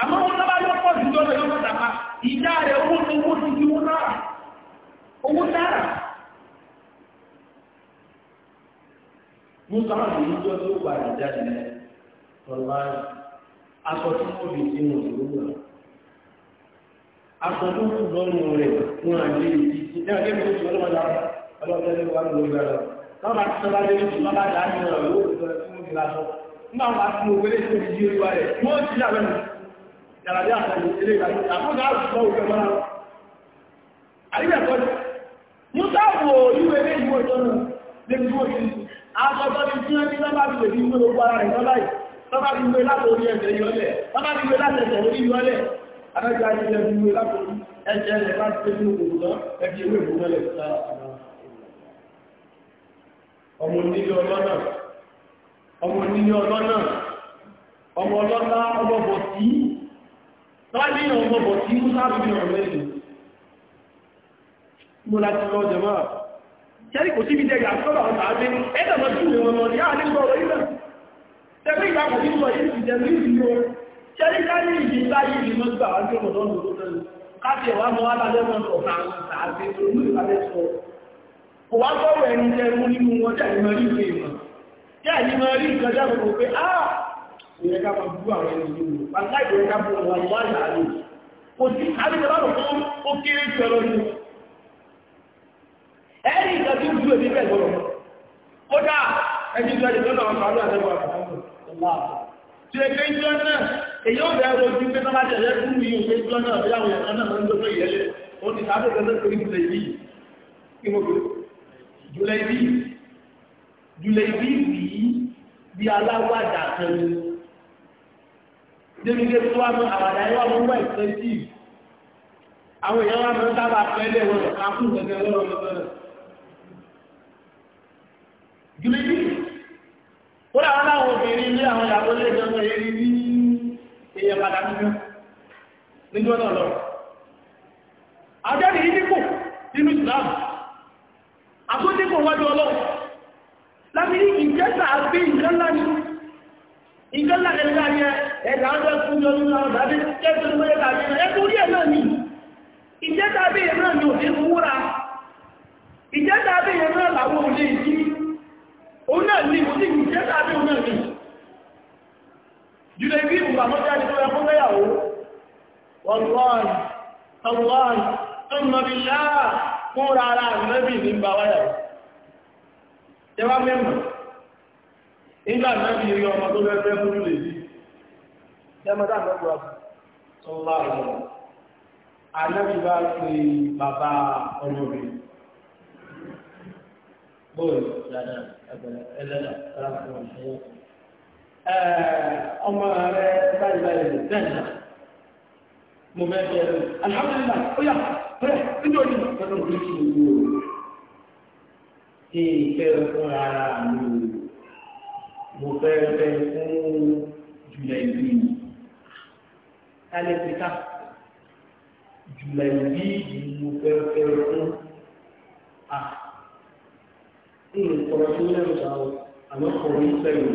àmọ́ wọn lọ́wọ́ yóò pọ̀ sí lọ́dọ̀ yóò padà pa ìdá rẹ̀ owó tó owó ti di owó náírà owó náírà. Musa máa ní ìjọ tó gba ìjáde rẹ̀ lọ́la aṣọ tí wọ́n fi sínú ìlú rẹ̀. Aṣọ tó kù lọ́rùn rẹ̀ fún àjẹ́ ìdí. Ìjẹ́ àjẹ́ mi ti ọlọ́wọ́ dára ọlọ́wọ́ tẹ́lẹ̀ wà lórí rẹ̀ lọ. Táwọn bá ti sọ bá lórí ìjọba bá dáa ní ọ̀rọ̀ yóò fi sọ fún ìlàsọ. Nígbà wọn bá ti mú yàrá bí àtàrí ilé ìgbàlẹ̀ àkókò àrùsọ òfin mọ́ra àríwẹ̀kọ́ ní sáàbò ìwé ilé ìwé ìtọ́nà lèbi wọ́n ti àkọ́kọ́ ti tí wọ́n ti lọ́bàá ti lèbi ìwé gbogbo ara rẹ̀ lọ́láì lọ́bàá ti gbé láti orí ẹsẹ̀ yọlẹ̀ lọ́bàá ti gbé láti ẹsẹ̀ orí yọlẹ̀ adájọ́ ayé lẹ́bi ìwé láti orí ẹsẹ̀ rẹ̀ láti gbé ní òkùnkùn lọ ẹbí ìwé ìgbòho lẹ̀ sá ọmọ onílé ọlọ́nà ọmọ onílé ọlọ́nà ọmọ ọlọ́nà ọmọ bọ̀tí tọ́wọ́ ní ìrìn ọmọ bọ̀ tí múlá bí ìrìn ọmọ ẹ̀sìn múlá ti lọ jẹmọ́ ṣẹ́rí kò síbi jẹgbà sọ́rọ̀ ọ̀tà àti ẹgbẹ̀mọ́ tí ìrìn ọmọ ní àárín sọ́rọ̀ ilẹ̀ tẹ́gbẹ́ ìgbà kò síbi sọ́rọ̀ ìrìn ìjẹ̀mí ìrìn ọmọ ṣẹ́rí láyé ìjìn láyé ìrìn mọ́ gbà wájú ọmọdé ọmọdé tó tẹ́lẹ̀ káàkì ẹ̀wà mọ́ alájẹ́ mọ́ ọ̀tà àti ìrìn ìpàdé sọ kò wá sọ́rọ̀ ẹni jẹ́ mú nínú wọn ìyẹn ká máa bú àwọn ẹni yìí wò bàtà ìyẹn ká bú wọn wá yà á lò kò sí àbíkẹ́ bá lò fún ó kéré jù ẹ̀rọ ni ẹ̀rí ìgbà tí ó dúró ní bẹ́ẹ̀ lọ́rọ̀ ó dá ẹni ìgbà tí ó lọ́wọ́ sọ àdúrà lẹ́wọ̀ àbúrò tí ó ké ìjọ náà èyí ó bẹ̀rẹ̀ ojú pé tó bá jẹ̀ lẹ́kú ní ìwé ìjọ náà bí àwọn ẹ̀kan náà ń dọ́tọ̀ ìyẹlẹ̀ ó ti sáà tó kẹ́kẹ́ torí jùlẹ̀ ìbí ìmọ̀gbẹ̀ débi dé tó wá mọ àwàdà yẹn wà mọ wà àwọn èèyàn wà mọ sábà wọn lọ́ka fún gẹ́gẹ́ lọ́rọ̀ lọ́rọ̀. Gírígì ó làwọn láwọn obìnrin ní àwọn ìyàwó lè jẹun ní èèyàn padà nínú nínú ọ̀nà yìí dínkù nínú wájú ọlọ́run. Láti ní àgbé ìjọ́lá ẹ̀rọ ayẹ ẹ̀dà ọjọ́ fún jọ nínú àwọn tàbí kẹ́kọ̀ọ́ mọ́lẹ̀ tàbí ẹ̀kọ́ orí ẹ̀ náà ni ìjẹ́ tàbí ẹ̀ náà ni ò ní wúra ìjẹ́ ẹ̀ náà làwọn òde ìdí ìwà mọ́já nígbà náà bí rí ọmọ tó fẹ́fẹ́ fún lè rí lẹ́mọ́dá mẹ́kọ̀ọ́ tó bá rọ̀ àlẹ́bí bá pe bàbá ọmọbìnrin bóyá dáadáa ẹgbẹ̀rẹ̀ ẹlẹ́dà aláàfin ọ̀ṣẹ́yọ́ ọmọ rẹ báyìí báyìí bẹ́ẹ̀ mo bẹ́ẹ̀ bẹ́ẹ̀ alhamdulillah ó yà pẹ́ nítorí ìgbà tó ń bí kí fún ara mi mo fẹ́ fẹ́ fún jùlẹ̀ ìlú yìí kálẹ́sìkà jùlẹ̀ ìlú yìí mo fẹ́ fẹ́ fún à ń kọ̀rọ̀ tó lẹ́nu sàrò àmọ́ kọ̀rọ̀ yìí sẹ́yìn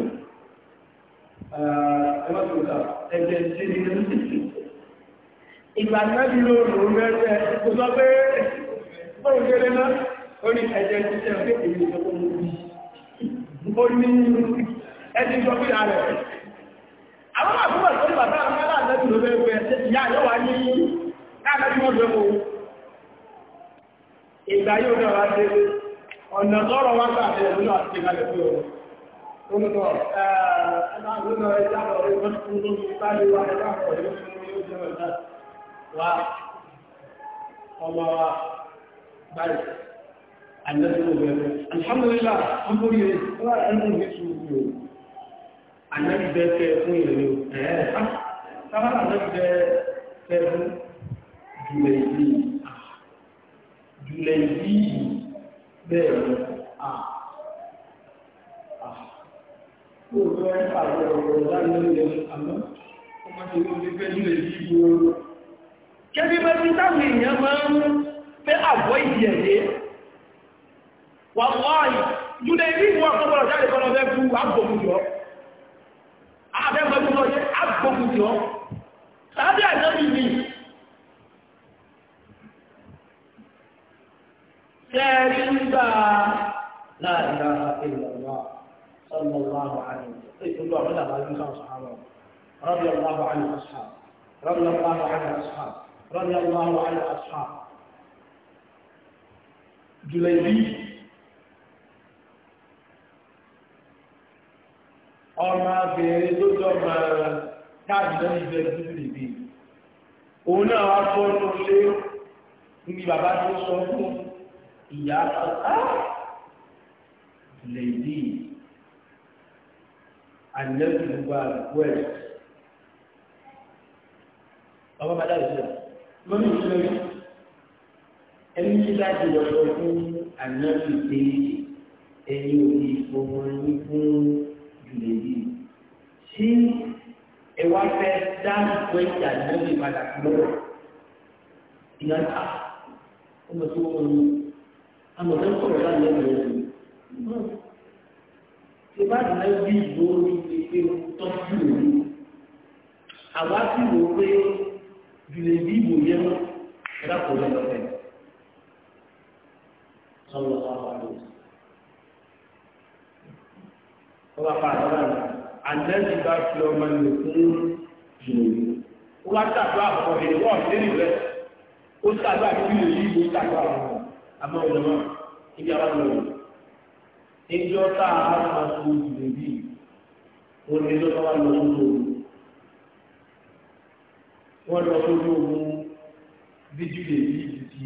ẹ má tó kà ẹ̀jẹ̀ ṣe ní ẹnu ìgbà náà ló lò ó mẹ́rẹ́ kò sọ pé bóun kéré náà ó ní ẹ̀jẹ̀ ṣiṣẹ́ pé èyí ìṣẹ́kọ̀ọ́ mú bí ó ní ẹni jọ bí ààrẹ àwọn àbúrò ìtọ́jú bàbá àwọn aláàlẹ́bí ló bẹ́ẹ̀ bẹ́ẹ̀ ìyá àyọ́wà ní káàkiri wọ́n bẹ́ẹ̀ mọ́ ìgbà yóò náà wá dé ọ̀nà tọ́rọ wá gbà bẹ̀rẹ̀ lónà àti ìgbàlẹ̀ fún ọ̀rọ̀ tó ń tọ́ ẹ̀ẹ́dá lónà ẹ̀dá ọ̀rọ̀ ìgbọ́n tó ń bá lè wá ẹ̀dá ọ̀rọ̀ ìgbọ́n wa ọmọ wa báyìí àlẹ́sìn òbẹ̀rẹ̀ alhamdulillah ń bórí ẹ̀ ànábì bẹ fẹ́ fún ìrìn o ah, sábà ànábì bẹ fẹ́ fún jùlẹ̀ ìdí ah, jùlẹ̀ ìdí bẹ́ẹ̀ ah, lọ à kó o fẹ́ pàṣẹ ọ̀rọ̀ láti lè àmọ́ o má ti wọ́n ti fẹ́ jùlẹ̀ ìdí gbòòrò. kẹ́bí bá ti táwọn èèyàn máa ń fẹ́ àbọ̀ ìyẹ̀yẹ wàhálà jùlẹ̀ ìdí ìwọ̀n àkọ́kọ́ jáde kọ́ lọ fẹ́ fún àbọ̀ òjò. àbẹ́gbẹ̀gbẹ̀ ọjẹ́ agbógunjọ́ tàbí àjọ́bí mi tẹ́rí ń gbà láàrínlá ìlọ́wọ́ sọ́lọ́láwọ̀ àríwọ̀ ìpínlẹ̀ ọ̀rọ̀lá àríwọ̀ sọ́lọ́láwọ̀ àríwọ̀ àríwọ̀ sọ́lọ́láwọ̀ àríwọ̀ sọ́lọ́láwọ̀ àríwọ̀ ọmọ abìnrin tó jọ máa káàdì náà ìbẹ̀ bíbélì bíi òun náà wá bọ́ ní ilé níbi bàbá tó sọ fún ìyá lèdí àlẹ́kùnúgbà west bàbá bàdá ìṣẹ́ lórí ìṣẹ́ ẹni tí láti lọ sọ fún àlẹ́kùnúgbà ẹni òbí ìfowópamọ́ fún yìí tí ẹwà fẹ́ dáhùn pé ìjà ìnáwó ìpadà lọ́wọ́ ìyá ta ó lọ sí wọn ní amọ̀tẹ́ sọ̀rọ̀ láti ẹgbẹ̀rẹ̀ rẹ̀ ṣe bá dùn náà bí ìlú orí pé tọ́jú òní àwa sì wò pé jùlẹ̀ bí ìbò yẹn mọ́ ẹ̀dá kò lọ́wọ́ fẹ́ wọ́n bá pa àdúrà rẹ̀ àdẹ́sì bá fi ọmọ ìlú fún ìlú ó wá ṣàdúrà fún ọ̀rẹ́ ìwọ́ ọ̀sẹ́rì rẹ̀ ó ṣàdúrà fún ìlú yìí ó ṣàdúrà fún ọ àmọ́ ọ̀nà náà ibi àwọn ọ̀nà rẹ̀ ẹjọ́ tá a máa fún ìlú yìí wọ́n ní ẹjọ́ tó wà lọ sójú ogun wọ́n lọ sójú ogun bíjú lè bí ti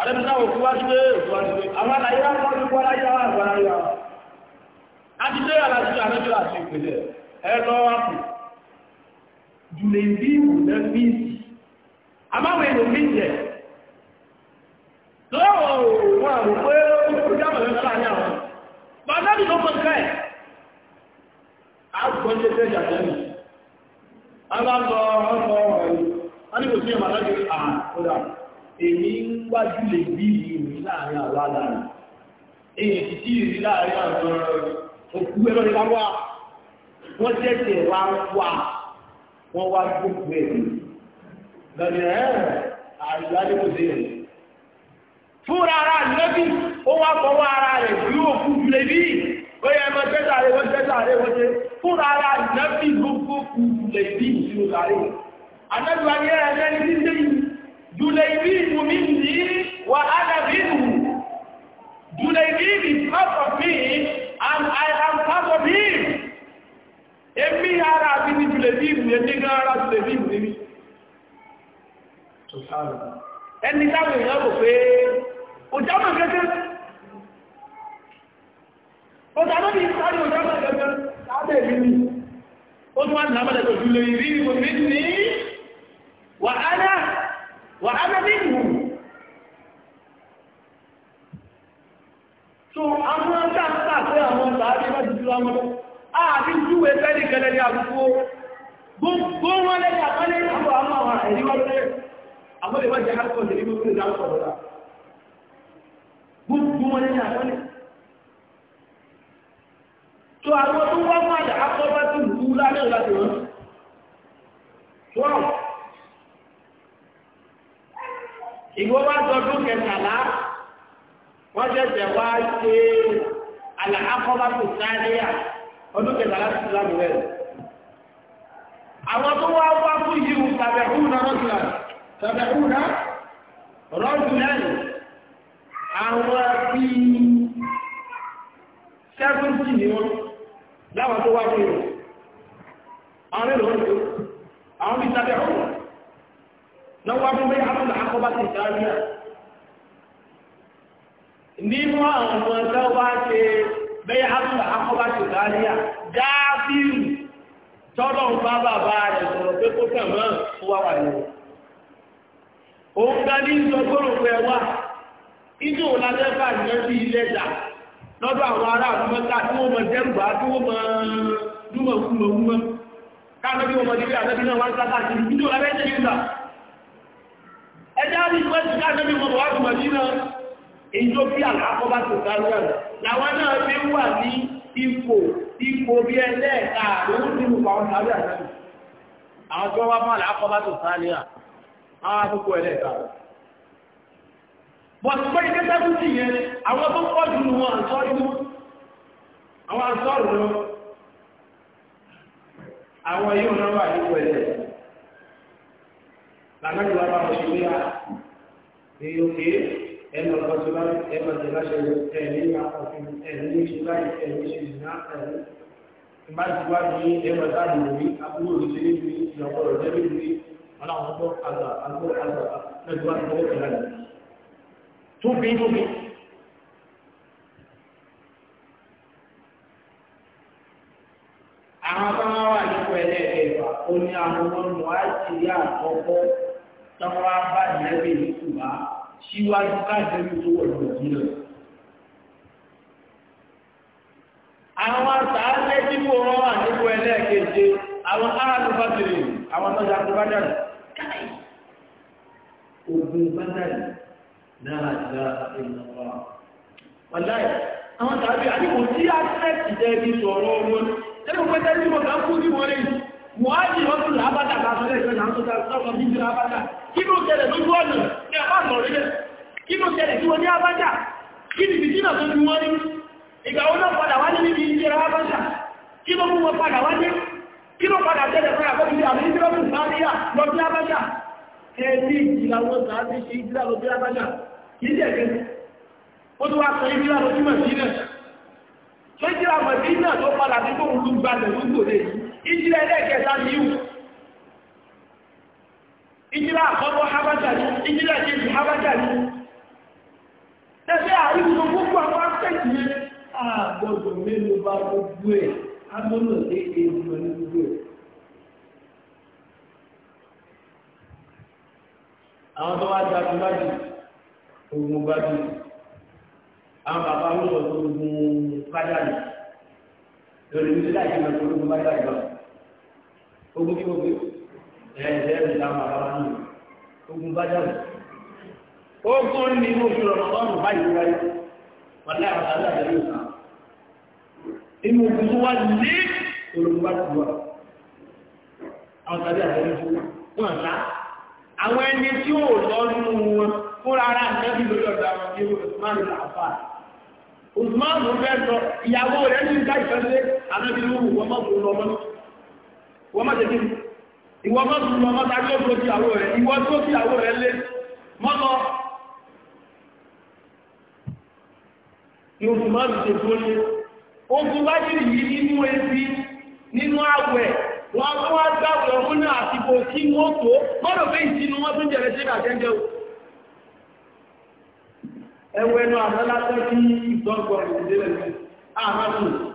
àrẹ́bìnrin náà òkú wá sí pé òkú wá sí pé àwọn àlàyé wá wọ́n ní kó aláyé wá àgbà láyé wá àti dé àlàyé àrẹ́bìnrin àti ìpìlẹ̀ ẹ lọ wá kù jùlẹ̀ bí ìwòlẹ́ bí ìsì àbáwọn èèyàn bí ìjẹ lọ́wọ́ wọn àwọn pé ó jábọ̀ lọ́wọ́ láàrin àwọn bàbá mi ló mọ̀ ká ẹ̀ àgbọ̀n ṣe fẹ́ jà tẹ́lẹ̀ a èyí ń wájú lè bí ìrìn láàrin àwọn aláàrin èyí ti tí ìrìn láàrin àwọn òkú ẹ̀rọ ní wá wọ́n tẹ́tẹ̀ wá wá wọ́n wá gbogbo ẹ̀ lọ́nà ẹ̀rọ àìláde kò sí ẹ̀ fúnra ara lẹ́bí ó wá fọwọ́ ara rẹ̀ bí òkú lè bí ó yẹ ẹmọ tẹ́tà rẹ̀ wọ́n tẹ́tà rẹ̀ wọ́n tẹ́ fúnra ara lẹ́bí gbogbo kù lè bí ìṣúra rẹ̀ àtẹ́tù ayé ẹ̀ Juleibib minni wa ana minhu. Juleibib is part of me and I am part of him. Èmi ara mi ni Juleibib ni èmi gan ara Juleibib ni mi. Ẹni táwọn èèyàn kò pé òjá mọ̀ gẹ́gẹ́. Ọjà ló ní ìsáré òjá mọ̀ gẹ́gẹ́ lábẹ́ mi ni. Ó tún wá ní àmọ́lẹ̀ tó Juleibib minni wa ana وأنا منهم so àwọn káàkà pé àwọn tàbí bá jùlọ àwọn àti júwẹ́ fẹ́lì gẹ́lẹ́ ní àkókò gbogbo wọn lẹ́yìn àpálẹ́ àwọn àwọn àwọn ẹ̀ríwá lẹ́ àwọn ìwọ́n jẹ́ akwụkwọ lè rí orí ìdáwọ̀ gbogbo wọn ìwọ wá sọdún kẹtàlá wọ́n ṣẹ̀ṣẹ̀ wá ṣe àlàkọ́bàtò sáréà ọdún kẹtàlá ti sílá mi rẹ̀. àwọn tó wá wá fún yìí tàbẹ̀húnà rọ́jùlá tàbẹ̀húnà rọ́jùlá àwọn bí sẹ́fúntì ni wọ́n láwọn tó wá fún yìí. àwọn mélòó ni àwọn bí tàbẹ̀húnà. lọ́wọ́dún bẹ́ẹ̀ abúlé akọ́bá ti sáré n'i nínú àwọn tọ́wọ́ ṣe bẹ́ẹ̀ abúlé akọ́bá ti sáré fi dábìrì chọrọ ń bá bàbá rẹ̀ sọ̀rọ̀ pé wà ní ìjọgọ́rò pẹ̀ wá inú òlàlẹ́fà ìrántí ilé dà lọ́dọ̀ àwọn ará tí mọ tí mọ bí náà wá ń ẹjá rí ìwẹ́sì káàkiri mọ̀ wá sí mọ̀dínà èyíjó bí àkọ́bá tó kárọ̀ làwọn náà fi wà ní ipò ipò bí ẹlẹ́ẹ̀ka àrùn nínú àwọn sáré àdáyé àwọn tó wá mọ́ àkọ́bá tó à àwọn àkókò ẹlẹ́ẹ̀ka bọ̀tùpọ̀ ìkẹ́sẹ́kù sí yẹn àwọn tó pọ̀ jù wọn àṣọ inú àwọn àṣọ ìlú àwọn yóò náà wà nípò ẹlẹ́ẹ̀ka lànàbí wa máa ṣe pé à ah, ní òkè ẹnu ọ̀gbọ́n ti báyìí ẹnu ọ̀gbọ́n ti láṣẹ ẹ̀mí máa pọ̀ fún ẹ̀mí ṣe báyìí ẹ̀mí ṣe ìná ẹ̀mí ìbá ti wá ní ẹnu ọ̀gbọ́n ti lórí abúlé òṣèlú níbi ìyàwó rẹ̀ jẹ́ níbi wọn àwọn ọgbọ́n àgbà àgbà àgbà lẹ́gbẹ̀ẹ́ wọn lọ́wọ́ ìlànà tó fi tó fi àwọn bá wà nípa ẹlẹ́ẹ̀kẹfà ó ní àwọn ọmọ àti ìyá àkọ́kọ́ tọ́wọ́ bá ìrẹ́bì ní kùbá síwájú káàkiri tó wọ̀ lọ́wọ́ sílẹ̀. àwọn àtàlẹ́ tí kò wọ́n wà nípò ẹlẹ́ẹ̀keje àwọn aráàlú bá tèrè àwọn tọ́jà tó bá dàrú ogun bá dàrú náà já ẹ̀yìn ọ̀pá wọ́n láì àwọn tàbí àdíkò tí a tẹ́ẹ̀tì tẹ́ẹ̀tì sọ̀rọ̀ wọn ẹ̀rọ pẹ́tẹ́ tí mo kà kú sí wọlé wọ́n á jì lọ́sùn lábàtà bá sọ́lẹ̀ ìṣẹ́jà ń sọ́jà sọ́kọ̀ bí kí ló ṣẹlẹ̀ lójú ọ̀nà ní àbáàmọ̀ orílẹ̀ kí ló ṣẹlẹ̀ tí wọ́n ní abájá kí ni bìtínà tó ju wọ́n ní ìgbà wọn náà padà wá ní níbi ìjẹra abájá kí ló mú wọn padà wá ní kí ló padà tẹ́lẹ̀ fún àkọ́bí ní àmì ìdírọ́pù sáríyà lọ sí abájá ẹni ìjìlá wọn sàá ti ṣe ìjìlá lọ sí abájá kì í jẹ́ kẹ́kẹ́ ó tún wá sọ ìjìlá lọ sí màdínà ṣé ìjìlá màdínà tó padà sí kóhun tó gbalẹ̀ lóko lè ìjìlá ẹlẹ́ẹ̀kẹta ní ìwò ìjírá àkọ́kọ́ habata ní ìjírá kejì habata ní tẹ́fẹ́ àríwọ̀ gbogbo àwọn akẹ́kì ní àgbọ̀gbọ̀ mélòó bá gbogbo ẹ̀ agbọ́nà léèké ìgbìmọ̀ ní gbogbo ẹ̀ àwọn tó wá dájú lájú ogun bá jù àwọn bàbá ló sọ fún ogun bájàlì lórí nílẹ̀ àti ìmọ̀ ogun bájàlì lọ ogun kí wọ́n gbé ẹ̀ẹ́dẹ́rì láwọn àbáwá nù ogun bá dàrú ogun ní oṣù rọ̀mọ́tọ́nù báyìí wáyé wọlé àwọn aláàbẹ̀ yóò sàn inú ogun tó wá lé ológun bá wà àwọn tàbí àwọn ẹni tí ó lọ nínú wọn fúnra ara lórí ọ̀dọ̀ àwọn ìwọ mọ́tò lọ mọ́ta tí ó tó sí àwọ rẹ̀ ìwọ tó rẹ̀ lé mọ́tọ̀ tó lé ogun bá jì yìí nínú ẹbí nínú àwẹ̀ wọn tó wá náà tó mọ́tò pé wọn tó sí tó kí ìdílé rẹ̀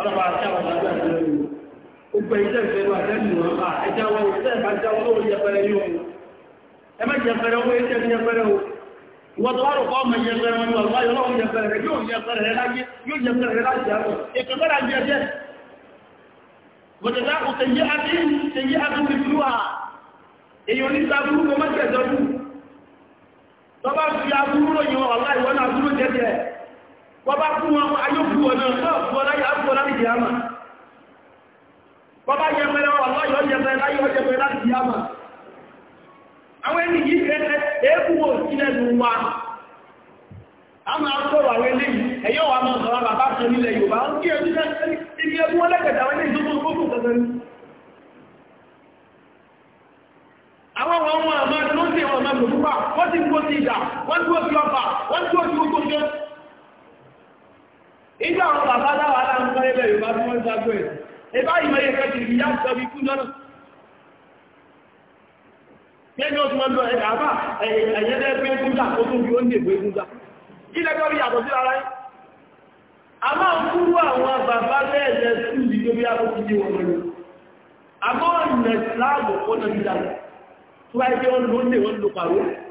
ọlọ́pàá àti àwọn ọ̀dọ́ àti ẹ̀rù gbogbo iṣẹ́ ìfẹ́lú àtẹ́lù wọn bá ẹjá wọn iṣẹ́ ìbájá wọn lórí yẹpẹrẹ yóò ẹ má yẹpẹrẹ owó iṣẹ́ ní yẹpẹrẹ o ìwọ́n tó wá rò kọ́ ọmọ yẹpẹrẹ wọn lọ wáyé ọlọ́run yẹpẹrẹ rẹ yóò yẹpẹrẹ rẹ láyé yóò yẹpẹrẹ rẹ láti àárọ̀ ètò mẹ́ra jẹ jẹ gbọdọdá kò tẹyí adé tẹyí adé ní ìlú à èyí oníṣẹ́ aburú kò má jẹ jọdún tọ́ bá fi aburú lóyún ọ̀la ìwọ́n náà aburú jẹjẹ bọ́bá fún wọn ayókù ọ̀nà ọ̀pọ̀ láyé àpọ̀ láti di àmà wa yẹ mẹ́rẹ́ wà láyé ọjẹ́ mẹ́rẹ́ láyé na mẹ́rẹ́ láti di àmà àwọn ẹni yìí kẹ́kẹ́ èébù wò sí lẹ́nu wa a máa sọ̀rọ̀ àwọn wa máa sọ̀rọ̀ bàbá sọ nílẹ̀ Yorùbá ó kí ẹjú ibi ẹbú wọn lẹ́gbẹ̀dà wọn ní ìdókòó gbogbo kẹsẹ̀ ìjọ àwọn bàbá dáwà aláǹkọ́ ilẹ̀ Yorùbá tí wọ́n jágbó ẹ̀ ìbá ìmọ̀ ẹ̀kẹ́ ti rí yàtọ̀ bí kú lọ́nà Kẹ́ni ó ti mọ́ lọ ẹ̀dà àbá ẹ̀yẹ́dẹ́ pé gúdà ó tún bí ó ní ègbé gúdà. Kí lẹ́gbẹ́ rí yàtọ̀ sí ara yìí? A máa ń kúrú àwọn bàbá lẹ́ẹ̀lẹ́ sí ìlú tó bí ápò ti dé wọn lórí. A máa ń nẹ̀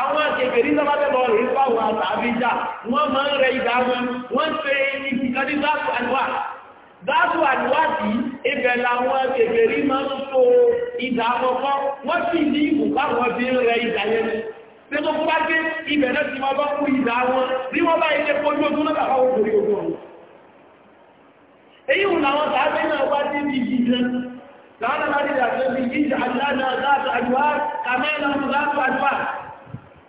àwọn akẹ̀kẹ̀rí sábàbẹ̀bọ̀ rẹ̀ fáwọn àtàbíjà wọ́n máa ń rẹ ìdá wọn wọ́n ṣe ìfìkàdí dáàtù àdúwà dáàtù àdúwà tí ibẹ̀ làwọn akẹ̀kẹ̀rí máa ń so ìdá àkọ́kọ́ wọ́n sì ní ìbùkáwọn bí ń rẹ ìdá yẹn tí tó kó bá gbé ibẹ̀ náà ti máa bá kú ìdá wọn bí wọ́n bá ilé kojú ogun náà bàbá òkúrí ogun ọ̀hún èyí wù làwọn tàbí náà wá dé bí yìí gan láwọn náà bá dé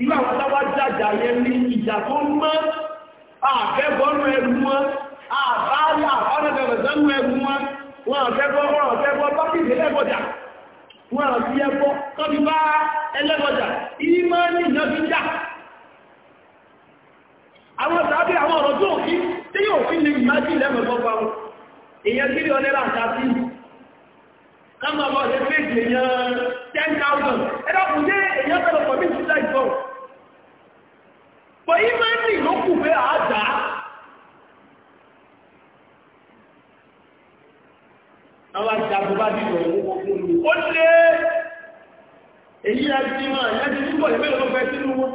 ìlú àwọn aláwá jàjà yẹn ní ìjà tó mọ́ àfẹ́bọ́nú ẹrù wọn àbáyà ọ̀rẹ́bẹ̀rẹ̀sánú ẹrù wọn wọn àfẹ́bọ́ wọn àfẹ́bọ́ bákìtì ẹlẹ́gbọ̀jà wọn àti ẹbọ́ tọ́bí bá ẹlẹ́gbọ̀jà ìmọ̀ ṣe fèèjì èyàn 10,000 ẹ̀dọ́kùn jẹ́ èyàn tẹ́lọ̀pọ̀ bí i bọ̀ yí máa ń nì ló kù pé àádá àwọn àjàbù bá dìbò owó gbogbo ó lé èyí àti máa yẹ́jú túbọ̀ ìwé ló fẹ́ sínú wọn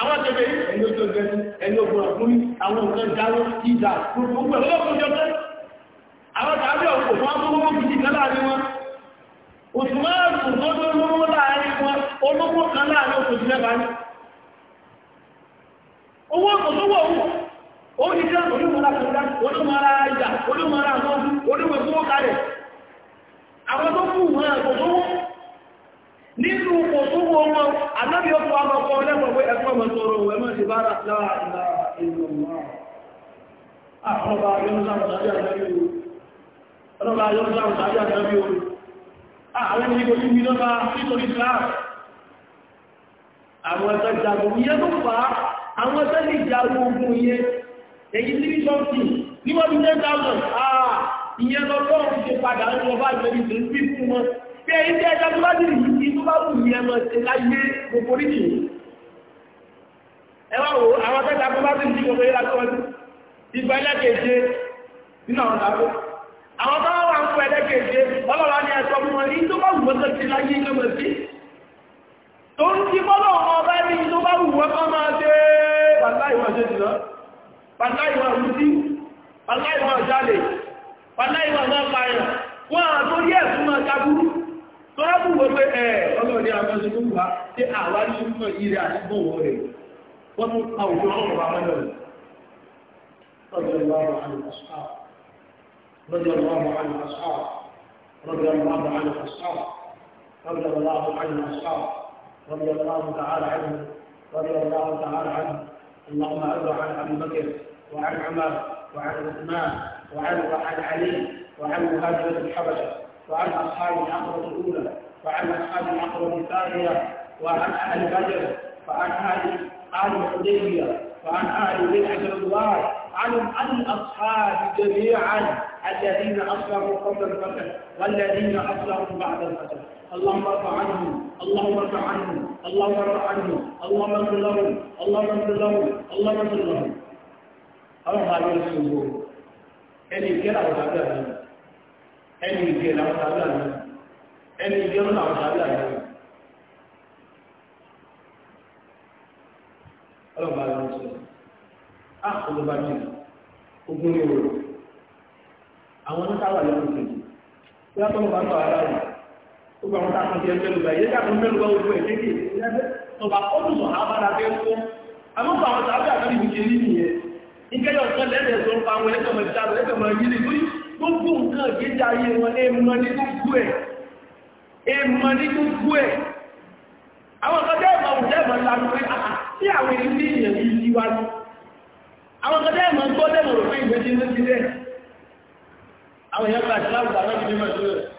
àwọn akẹ́kẹ́ ẹni ojú ọgbẹ́ ẹni ogun àkúrí àwọn nǹkan dáwọ́ ìjà gbogbo ẹ̀rọ ọkùnjọ pẹ́ àwọn tàbí ọkọ̀ wọn tó wọ́n fi jìnà láàrin wọn òṣùmọ́ àrùn tó tó lówó láàrin wọn olówó kan owó òṣòwò òwò ó ní jẹ́ olúmọ̀ra kọ̀ọ̀dá olúmọ̀ra ìjà olúmọ̀ra àwọn olúmọ̀ ìfowó kalẹ̀ àwọn tó kù wọn òṣòwò nínú òṣòwò wọn àdábì ọkọ̀ àmọ̀kọ̀ lẹ́kọ̀ọ́ ẹ̀kọ́ mọ̀ sọ̀rọ̀ òwò ẹ̀mọ́ àwọn tẹ́lẹ̀ ìjà ogun yẹn èyí tí bíṣọ́ọ̀tì ní wọ́n bí ten thousand ah ìyẹn lọ bọ́ òun ṣe padà ń lọ bá ìgbẹ́bí tó ń fi fún wọn bí ẹ̀yìn tí ẹja tó bá dì ní tó bá wù ní ẹmọ ṣe láyé gbogbo oríṣi ẹ wá wo àwọn tẹ́lẹ̀ tó bá dì ní gbogbo yẹn lásán ìgbà ẹlẹ́kẹ̀ẹ́jẹ nínú àwọn tàbí àwọn tó wà ń fún ẹlẹ́kẹ̀ẹ́jẹ ọlọ́wà ni ẹ̀sọ́ fún wọn ní tó bá wù wọ́n ṣe láyé lọ́mọ sí tó ń ti bọ́lọ̀ ọmọ ọba ẹni tó bá wù wọ́n kọ́ máa ṣe é pàláìwọ̀ ṣe jùlọ pàláìwọ̀ rúdí pàláìwọ̀ jálè pàláìwọ̀ náà pààyàn wọ́n àtórí ẹ̀sùn máa jaburú tó rábù wọ́pẹ́ ẹ̀ ọlọ́ọ̀dẹ́ àmọ́sílúwà tí àwárí mọ̀ ìrẹ̀ àdúgbò rẹ̀ wọ́n mú àwùjọ ọ̀rọ̀ àmọ́lẹ̀ rẹ̀ رضي الله عن الأصحاب رضي الله عن الأصحاب رضي الله عن الأصحاب رضي الله عن الأصحاب رضي الله تعالى عنه رضي الله تعالى عنه اللهم ارض عن ابي بكر وعن عمر وعن عثمان وعن وعن علي وعن مهاجرة الحبشة وعن أصحاب العقبة الأولى وعن أصحاب العقبة الثانية وعن أهل بدر وعن أهل أهل حديبيه وعن أهل بيت الله عن عن الأصحاب جميعا الذين أصلحوا قبل الفتح والذين أصلحوا بعد الفتح اللهم ارفع عنهم اللهم ارفع عنهم اللهم ارفع عنهم اللهم اغفر لهم اللهم اغفر لهم اللهم اغفر لهم àwọn ọmọ alẹ́ ìṣòro ẹni ìgẹ́lá àwọn àgbà rẹ̀ ẹni ìgẹ́lá àwọn àgbà rẹ̀ ẹni ìgẹ́lá àwọn àgbà rẹ̀ ọlọ́pàá alẹ́ ìṣòro àkọlọ́bà jù ogun ìrò àwọn onítàwà lẹ́kùn kejì bí wọ́n tọ́lọ́pàá tọ́ ara rẹ̀ gbogbo àwọn tá a kàn ti ẹgbẹ́ lùgbà yẹ́ yàtọ̀ mẹ́lú bá ojú ẹ̀ kéèké ọba ọdún sọ̀ àbára bẹ́ ń kó àmọ́kọ̀ àwọn tàbí àtàrí ìbùjẹ ní ìyẹn ìkẹyọ̀ kan lẹ́lẹ̀ sọ ń pa àwọn ẹlẹ́kọ̀ mọ̀ ìjà ẹlẹ́kọ̀ mọ̀ yìí lórí gbogbo nǹkan ìgbésí ayé wọn èèmọ̀ ní gbogbo ẹ̀ èèmọ̀ ní gbogbo ẹ̀ àwọn kan dẹ́ẹ̀mọ̀ òun dẹ́ẹ̀mọ̀ lanu pé tí ah, ah, àwọn èèyàn ní ìyẹn yìí yí wá ní àwọn kan dẹ́ẹ̀mọ̀ gbọ́ dẹ́ẹ̀mọ̀ rò pé ìgbésí ní ti dẹ́ àwọn èèyàn gbà sí láwùjọ àwọn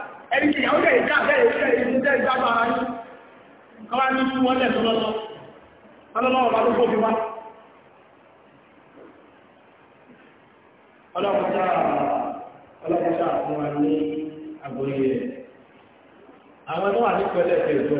ẹni tí ìyàwó jẹ́ ìjà iweta ìjẹ́ ìjẹ́ ìjà bá ara yìí kọ́wá ní fún wọn lẹ́sọ lọ́sọ ọlọ́lọ́wọ́ bá ló gbóbi wá ọlọ́pọ̀ta ọlọ́pọ̀ta fún wa ní agbóyè rẹ̀ àwọn tó wà ní pẹ̀lẹ́ pẹ̀lú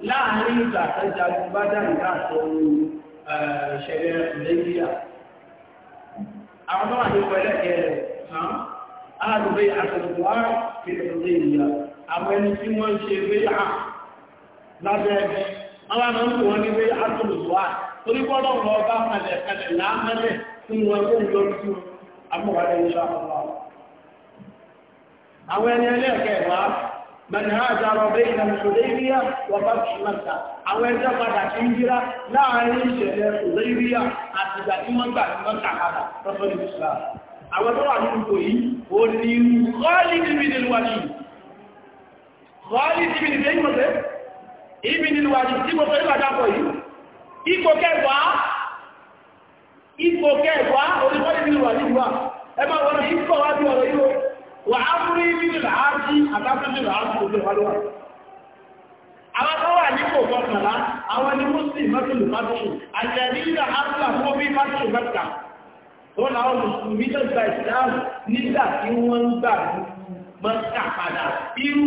láàrin ìgbà tẹ́jà bá dáì láàtọ̀ ṣẹlẹ̀ wọ́n ṣe ní wé àtọ̀lùsọ à torí gbọ́dọ̀ lọ bá kalẹ̀ kalẹ̀ láàmẹ́lẹ̀ fún wọn kó lọ sí àwọn ẹni ẹlẹ́ẹ̀kẹ́ من هاجر بين الحديبية وفتح مكة àwọn ẹjọ́ padà tí ń jíra láàrin ìṣẹ̀lẹ̀ òléríà àti ìgbà tí wọ́n gbà ní mọ́ta padà tọ́tọ́lì ìṣẹ́lá àwọn tó wà ní ìpò yìí ó ní rọ́ọ̀lì níbi nílùwàdì rọ́ọ̀lì níbi nílùwàdì ìmọ̀tẹ́ ibi nílùwàdì tí mo fẹ́ ìbàdàpọ̀ yìí ipò kẹwàá ipò kẹwàá orí rọ́ọ̀lì nílùwàdì wà ẹ wà á rí nínú làájí àtàkùnrin làájí òjò wà lọ́wọ́ àwọn tó wà ní kò gọ́ọ̀nàlá àwọn ni muslim mẹ́tìlù mẹ́tìlù àjẹ́rí ìlà áfíà fún bí mẹ́tìlù mẹ́tìlù wọ́n láwọn mùsùlùmí tó gba ìsìláàmù nígbà tí wọ́n ń gbà ní mọ́ta padà irú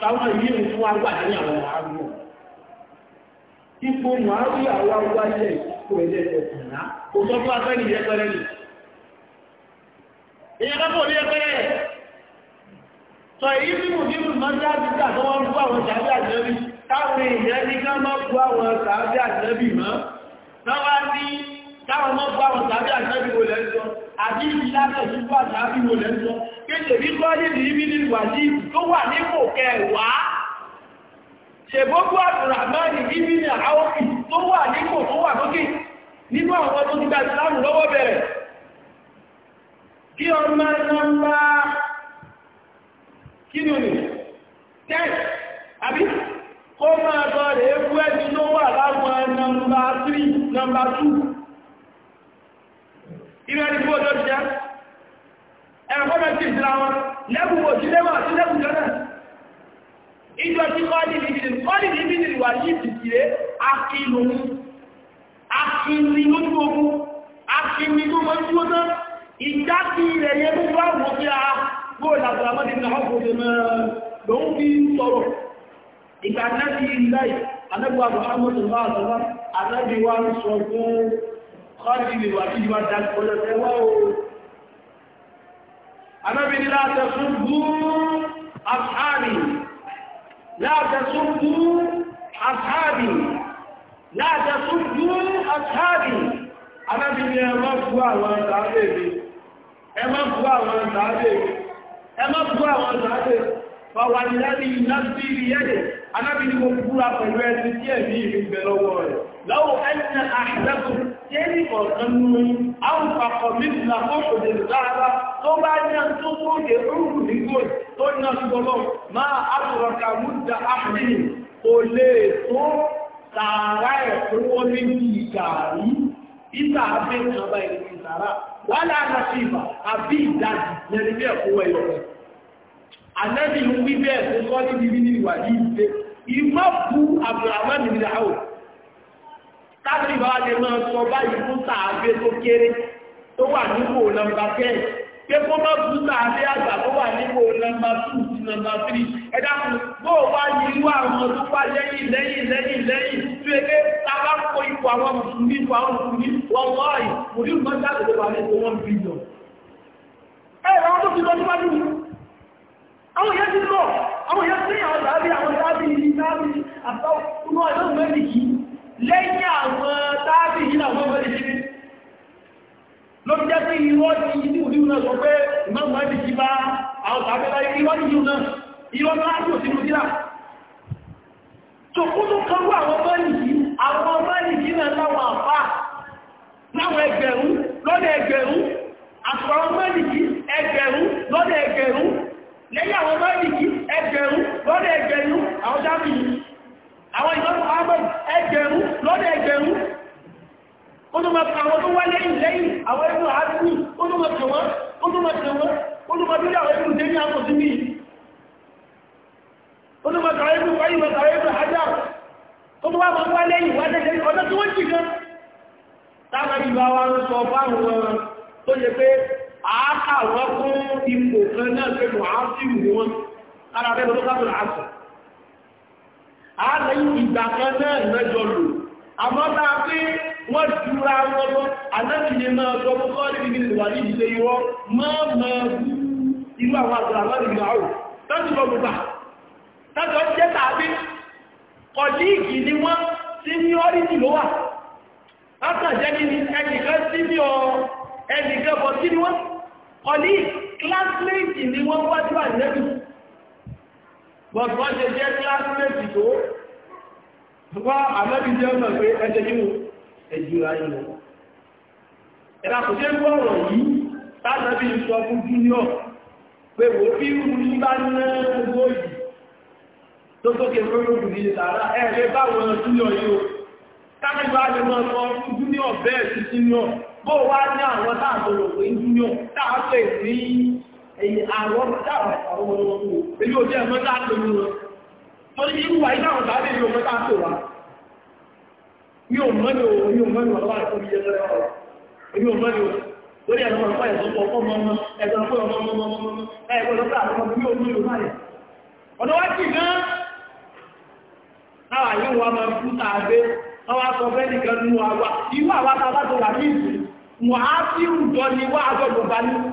táwọn yìí ní tí wọ́n wà ní àwọn àárò ipò màárù àwọn wáyé ipò ẹ̀lẹ́ ọ̀kùnrin kò sọ fún afẹ́ nìyẹn pẹ́rẹ́ nì èyàn kápọ̀ ní ẹgbẹ́rẹ́ sọ èyí tí mo ní mọ̀ ní àbíkà tó wọ́n bú àwọn tàbí àjẹ́bí táwọn èèyàn ní ká mọ́ bú àwọn tàbí àjẹ́bí mọ́ táwọn ní káwọn mọ́ bú àwọn tàbí àjẹ́bí olẹ́sọ́ àbí ìlànà ìlú àjábí wo lẹ́ sọ kéde bí kọ́lìdì ibi nínú wàjí tó wà nípò kẹwàá ṣègbógún àbùràmọ́ni ibi ní àwọ́kì tó wà nípò tó wà lókè nínú àwọn tó ti gba ìsìlámù lọ́wọ́ bẹ̀rẹ̀ kí ọmọ nọ́mbà kí ni òní tẹ́ẹ̀ àbí kó máa bọ̀ rẹ̀ ewu ẹni tó wà láwọn nọ́mbà 3 nọ́mbà 2 irú ẹni tí wọ́n jọ jẹ́ ẹ̀kọ́ mẹ́tì ìsìnra wọn lẹ́bùn wò sí lẹ́wọ̀n àti lẹ́bùn jọ́nà ìjọ tí kọ́lì níbi kọ́lì níbi níbi wà ní ìdìkìrẹ́ akínú akínú lójú ogun akínú tó mọ́ ojú ọ̀nà ìjákì rẹ̀ yẹ mú wá wò sí a gbóòlù àgbàmọ́dé náà kò dé mọ́ lòun fi sọ̀rọ̀ ìgbà náà ti rí kọ́ọ̀dì ìwà tí ìwà dá ọjọ́ tẹ́wọ́ o anábìnrin láàtẹ̀ fún gúúrú àfáàrí láàtẹ̀ fún gúúrú àfáàrí láàtẹ̀ fún gúúrú àfáàrí anábìnrin ẹmọ́ fún àwọn ìtàbẹ̀rẹ̀ ẹmọ́ fún àwọn ìtàbẹ̀rẹ̀ ẹmọ́ fún àwọn ìtàbẹ̀rẹ̀ fọwà nílẹ́ لو أن أحدكم تلك القنون أنفق مثل أحد الذهب طبعا ينطقوا لعوه لقول قلنا الظلم ما أدرك مد أحدهم قليتم sàárá ẹ̀kọ́ wọ́n méjì ìgàrí ìta àbẹ́ ìjọba ìrìn ìsàárá wà láàrín sí ìbà àbí ìdájì lẹ́ni bí ẹ̀kọ́ ẹ̀yọ̀ rẹ̀. àlẹ́bí ń wí bẹ́ẹ̀ fún kọ́ níbi tábìlì bá lè máa sọ báyìí fún sàáfẹ́ tó kéré tó wà nípò nọ́mbà tẹ́ pé kó má fún sàáfẹ́ àgbà tó wà nípò nọ́mbà tù sí nọ́mbà tírì ẹ̀dá fún bó wá ní irú àwọn tó wà lẹ́yìn lẹ́yìn lẹ́yìn lẹ́yìn tó yẹ pé tábà kó ipò àwọn mùsùlùmí ipò àwọn mùsùlùmí wọn wọ́ àyè kò ní ìgbọ́n jáde tó wà lẹ́yìn wọn bí lọ. ẹ ẹ àwọn tó ti lọ síwájú àwọn èèyàn ti lọ àwọn èèyàn sí àwọn tàbí àwọn tàbí ìlú tàbí àtàwọn ọmọ ẹlẹ́wọ̀n mẹ́rin yìí lẹ́yìn àwọn táàbì yìí náà wọ́n wọ́n ṣe lórí jẹ́ sí irọ́ ti ní ìlú náà sọ pé ìmọ̀mọ̀ ti ti bá àwọn tàbílá irọ́ ní ìlú náà irọ́ náà yóò sínú sílá tòkútù kan wà àwọn mọ́lì yìí àwọn mọ́lì yìí náà láwọn àpá láwọn ẹgbẹ̀rún lọ́dẹ̀ ẹgbẹ̀rún àtàwọn mọ́lì yìí ẹgbẹ̀rún lọ́dẹ̀ ẹgbẹ̀rún lẹ́yìn àwọn mọ́lì yìí ẹgbẹ̀rún lọ́dẹ̀ ẹgbẹ̀rún àwọn dábì yìí àwọn ìmọ̀mù ahmed ẹgbẹ̀rún lọ́dọ̀ ẹgbẹ̀rún ó tó máa fi àwọn tó wá lẹ́yìn lẹ́yìn àwọn ẹgbẹ̀rún àádọ́rùn ó tó máa fi wọ́n ó tó máa fi wọ́n ó tó máa fi àwọn ẹgbẹ̀rún tẹ́lẹ̀ àwọn sí ẹgbẹ̀rún wáyé mọ̀ ààrẹ ìgbà kan náà mẹ́jọ lò àmọ́ bá pé wọ́n júra lọ́wọ́ alábìnrin máa sọ fún kọ́lé ní ìwà ní ìdílé ìwọ́ máa máa irú àwọn àgbà láti ìgbà ò tọ́jú lọ gbogbo tọ́jọ́ jẹ́ tàbí kọ̀líìkì ni wọ́n sí ní ọ́rìtì ló wà látàjẹ́ ní ẹnìkan sí ní ọ ẹnìkan bọ̀ sí ni wọ́n kọ̀líìkì kílásílẹ̀ẹ̀tì ni wọ́n wájú àìlẹ́bìí but wọ́n ṣe jẹ́ kílásímẹ́tì tó wọ́n àmẹ́bí jẹ́ ọ̀nà pé ẹjẹ́ yíò ẹjúra yíò ẹ̀rà kò jẹ́ gbọ́rọ̀ yìí tánàbí sọ fún junior pé wò bí wù ní bá ní gbogbo yìí tó tókè fóròkù ní ìtàrà ẹ̀rẹ́ báwọn junior yìí tánàbí wá lè mọ́ sọ fún junior bẹ́ẹ̀ sí junior bó wá ní àwọn táàtọ̀lọ̀ pé junior táàtọ̀ èyí àwọn dáwọn àwọn ọmọ ní wọn tó ní irú wa iná ọ̀dá lè rí ọmọ dáàtò wa ní òmọ́ni o ní òmọ́ni ọ̀dọ́ wà fún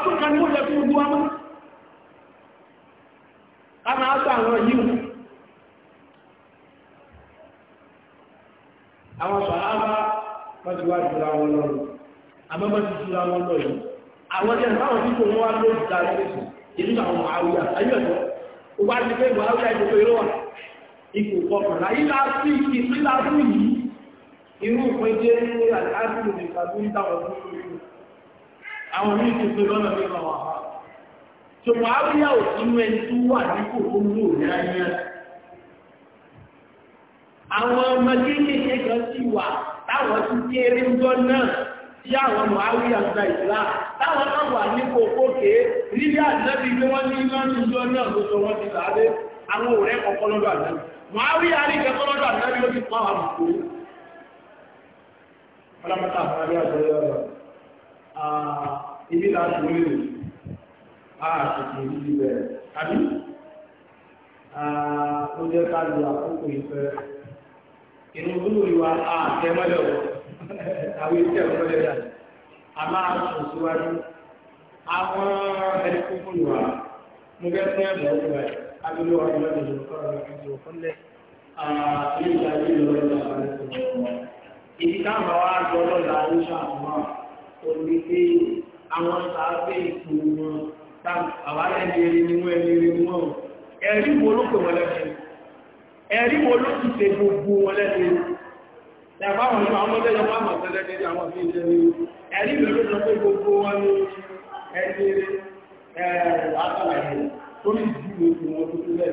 ọdún kan ní ó yẹ fún gbogbo ọmọ ká máa sọ àwọn yìí àwọn sàábà wọ́n jùlọ àwọn lọ́rùn àmọ́ ti jùlọ àwọn lọ́rùn àwọn ẹ̀rọ àwọn tí wọ́n wá lórí ìjà lẹ́sùn èyí àwọn àwùyà ó bá ti pé ipò kọkànlá yìí àwọn mí ti pé lọ́nà bí wọn wà á ṣùgbọ́n àríyá ò sínú ẹni tó wà nípò tó mú òmìnira yẹn àwọn ọmọ kéékèèké kan sì wà táwọn ti kéré ń gbọ́ náà tí àwọn ọmọ àríyá gba ìlà táwọn náà wà nípò kókè nílé àdínábì pé wọ́n ní iná ní ìjọ náà ló sọ wọ́n ti sáré àwọn ọ̀rẹ́ kọ̀ọ̀kan lọ́dọ̀ àdínábì màárí àríkẹ́ kọ́lọ́dọ̀ àdínábì ló ti pọ́n àwọn àkókò ọlọ́mọta àfàrí àjọyọ̀ ibi láti rí rí ààtìkì ìdí bẹ̀rẹ̀ àbí ó jẹ́ ká lu àkókò ìfẹ́ inú búlù ìwà àtẹ́mọ́lẹ̀ ọ̀ àwọn ìṣẹ́ ìmọ́lẹ̀ rẹ̀ a máa sùn síwájú àwọn ẹni kúkú ìwà mo fẹ́ fún ẹ̀bùn ọ̀pọ̀ ẹ̀ abúlé wa ni lọ́dún ìlú kọ́ra ní ìjọ kọ́lẹ̀ ilé ìdájọ́ ìlú ọ̀rọ̀ ìlú àbálẹ̀ ìdí táwọn àwọn àjọ ọlọ́dà ń ṣàmúhàn onígbé àwọn sàábẹ́ ìtò wọn àwárẹ̀ ní eré ní wọ́n ẹni rí wọ́n ẹ̀rí wo ló pè wọ́n lẹ́nu ẹ̀rí wo ló ti ṣe gbogbo wọn lẹ́nu ẹ̀fọ́ àwọn ìlú àwọn ọmọdé yọmọ àmọ̀ tẹ́lẹ̀ ní àwọn fi ṣe rí ẹ̀rí wo ló sọ pé gbogbo wọn ní ẹni rí ẹ̀rọ àtàlàyé tó ní ìdílé tí wọ́n tó tẹ́lẹ̀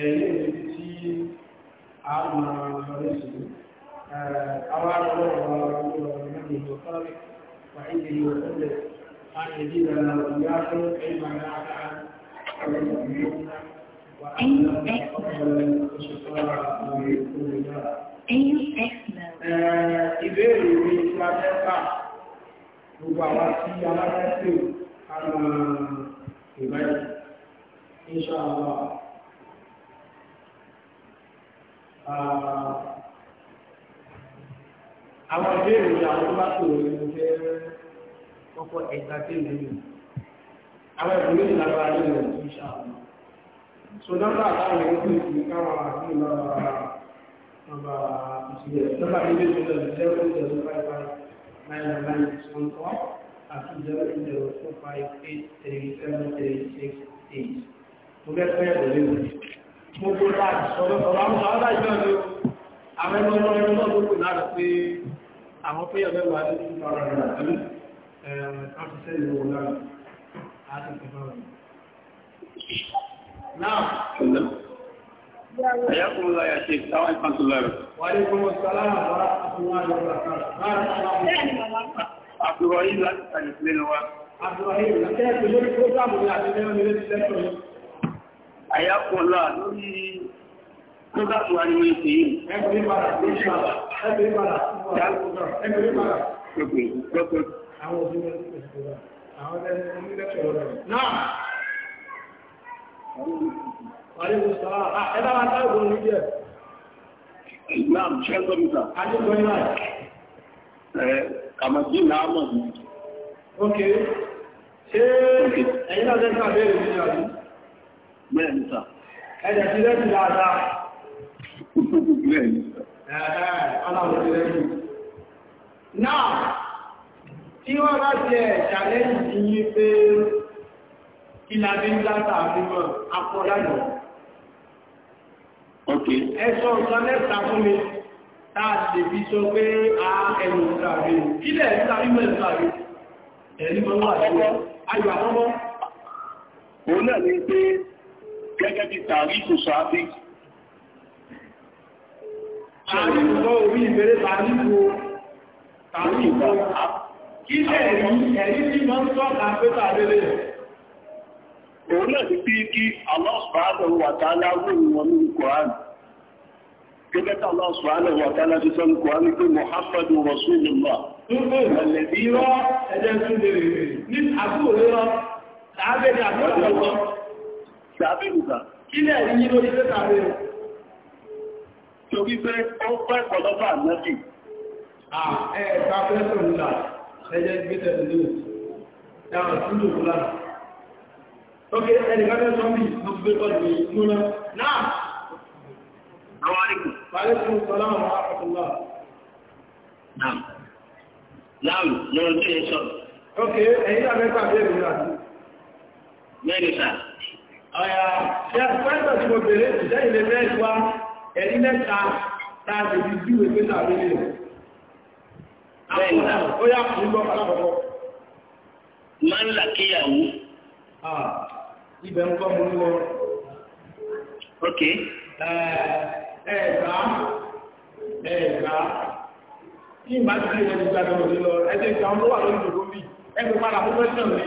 ẹ̀rí èdè tí a máa lọ sí àwọn àwọn ọmọ ọmọ ọmọ ọmọ ọmọ وعنده وسلم أن يزيدنا وإياكم علما نافعا Ìbéèrè mi tí a fẹ́ kà gbogbo àwọn tí aláfẹ́sìn àwọn ìbẹ̀rẹ̀ ìṣọ́ àwọn àwọn ìbéèrè ni àwọn tó bá tó o ní fẹ́ kọ́kọ́ ẹ̀ka tí ìlú mi àwọn ẹ̀kọ́ méjì lágbára ní ìlú tó ṣá so nọ́mbà táwọn ẹ̀kọ́ tó ti káwọn àti nọ́mbà nọ́mbà ìṣẹ̀lẹ̀ nọ́mbà méjì tó lọ zero zero five five nine nine one four àti zero zero four five eight three seven three six eight mo fẹ́ fẹ́ ẹ̀rọ léwu mo gbọ́dọ̀ àti sọ̀rọ̀ sọ̀rọ̀ àwọn sọ̀rọ̀ àti ìjọba àwọn ẹgbẹ́ ọlọ́run náà ló kù lára pé àwọn tó yàgbẹ́ wà ní ọ̀rọ̀ rẹ̀ àbí wọ́n ti sẹ́yìn owó lára àti ìpínlẹ̀ rẹ̀. náà Àyàkùn lọ yà ṣe ìtawà ìfàntúlọ́rù. Wà ní kọmọ sàlámà bá àwọn àjọ̀gbà kan. Àbúrò yìí láti tó dàgbà ẹgbẹ̀rẹ̀ padà ẹgbẹ̀rẹ̀ padà gbogbo àwọn òbí àwọn onílẹ̀kẹ̀ ọ̀rọ̀ náà wàlé ìwòsàn ẹ̀dá wa táwọn òbí orí jẹ́ náà ṣẹ́ ń gọ́mìtà adégbọ́n náà ẹ̀ kàmàjí náà mọ̀ ní ok ṣé ẹ̀yìn náà lẹ́sà bẹ́ẹ̀rẹ̀ sí ìrìnàjò bẹ́ẹ̀ ní sà ẹ̀dẹ̀ sí lẹ́sì dáadáa bẹ́ẹ̀ ní sà ọlọ́run ti lẹ́yìn náà tí wọ́n bá ti ẹ̀ ṣàlẹ́yìn ti yí pé ìlànà ìlànà àfihàn akọ́lánà ẹ̀ṣọ́ ọ̀sán mẹ́ta fún mi táà lè fi sọ pé a ẹnu ìtàrí kílẹ̀ ìtàrí mẹ́tàrí ẹ̀rí mọ́ wà ní ayọ̀ àkọ́kọ́ tàbí ìgbọ́ orí ìbẹ̀rẹ̀ tàbí ìgbọ́ tàbí ìgbọ́ kí lẹ́ẹ̀rí ẹ̀rí tí mọ́ ń tọ́ka pé tàbí lè òun náà ti bí kí Allah subhanahu wa ta'ala wọ́n wọn ní Qur'an gẹ́gẹ́ta Allah subhanahu wa ta'ala ti sọ ní Qur'an pé torí pé ó pẹ́ pọ̀lọ́pàá ànábì. ẹ̀ẹ̀ta pẹ́sọ̀ ńlá ẹjẹ́ gbẹ́tẹ̀ ní ẹ̀rọ sínú ìfúnlá. ok ẹnìkan tẹ́ sọ́mí ló fi gbé pọ̀lú ìmúná náà. rọ́ọ̀lìkù. parí fún sọlá àwọn akọ̀tọ̀lá. náà láàrú lọ́rọ̀ tí ẹ sọ. ok ẹ̀yin àmẹ́ta bẹ́ẹ̀ mi àti. mẹ́rin sà. ọ̀yà ṣe àpẹẹrẹ tí mo bèrè ìjẹ́ ìlẹ̀ mẹ́rin wá ẹ̀rí mẹ́ta táàbì ti jú ìwé tàbí lè àkúnà ó yá kùn lọ alákọ̀ọ́kọ́ máa ń là kíyàwó ibẹ̀ ń kọ́ mú lọ ok ẹ̀ẹ̀gbá ẹ̀ẹ̀gbá tí ìgbà tí ìwọ̀n ti gbàdọ̀ òní lọ ẹgbẹ́ ìgbà ọmọ wà lórí ìdòkó mi ẹgbẹ́ padà fún fẹ́sàn mi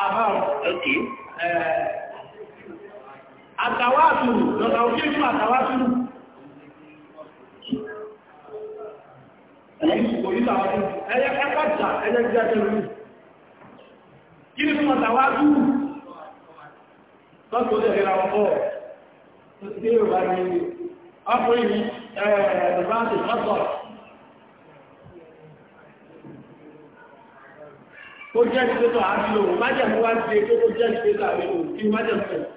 àbá ok ẹ̀ẹ̀ àtàwátùrù lọ́nà òkè fún àtàwátùrù ẹ̀yẹ kápàtà ẹ̀yẹ gbẹ́gbẹ́rú kí ni fún àtàwátùrù lọ́tọ̀ ó lẹ́gbẹ̀rẹ̀ àwọn bọ́ọ̀ tó ti dé yorùbá ní ọkùnrin ẹ̀ẹ̀dùbáǹtì lọ́tọ̀ ó jẹ́ ìgbésọ̀ àti òun májẹ̀mú wá ti dé tó jẹ́ ìgbésọ̀ àti òun kí májẹ̀mú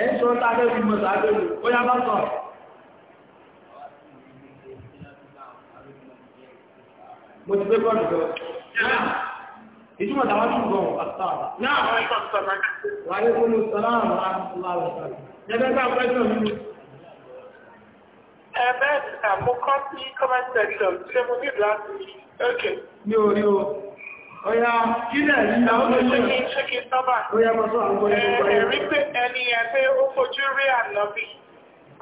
ẹ̀ ń sọ tábẹ́ fi mọ̀ sábẹ́ lò ó yá bá sọ. mo ti gbé bọ́ọ̀lù lọ. ìtumọ̀ tàwọn tún gbọ̀n àtàwọn. náà wọ́n ń sọ sọ́nà. comment section tí mo ní láti. ok. mi ò rí o. Ọya kílẹ̀ yìí àwọn olóṣèké ṣékí sọ́bà. Ọya mọ́sọ́ àwọn olóṣèké. Ẹ̀rí pé ẹni ẹgbẹ́ ó fojú rí ànọ́bì.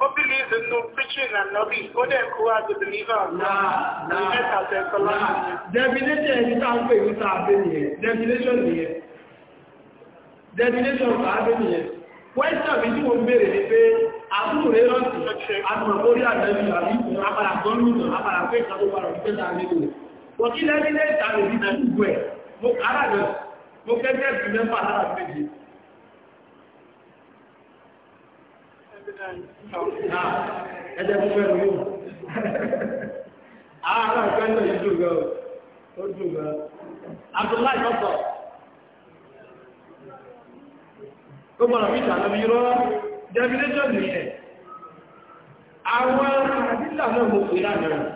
Ó believe in no preaching ànọ́bì. Ó dẹ̀ kú as a believer. Náà náà. Definition ẹni tá ń pè ní sàábé nìyẹn. Definition nìyẹn. Definition sàábé nìyẹn. Question mi tí mo béèrè ni pé àbúrò rẹ̀ rántí àtùmọ̀ lórí àtẹ̀yìn àbí àpàràgbọ́n lùdọ̀ àpàràgbé ìtàkùn kò sí lẹ́gbẹ̀ẹ́ ìtàlù ní gbogbo ẹ̀ mo ara kẹ́kẹ́ sí mẹ́fà lára méje. ẹ̀jẹ̀ fún mẹ́rin yóò yìí ó Abdullahi rọ́ definition àwọn náà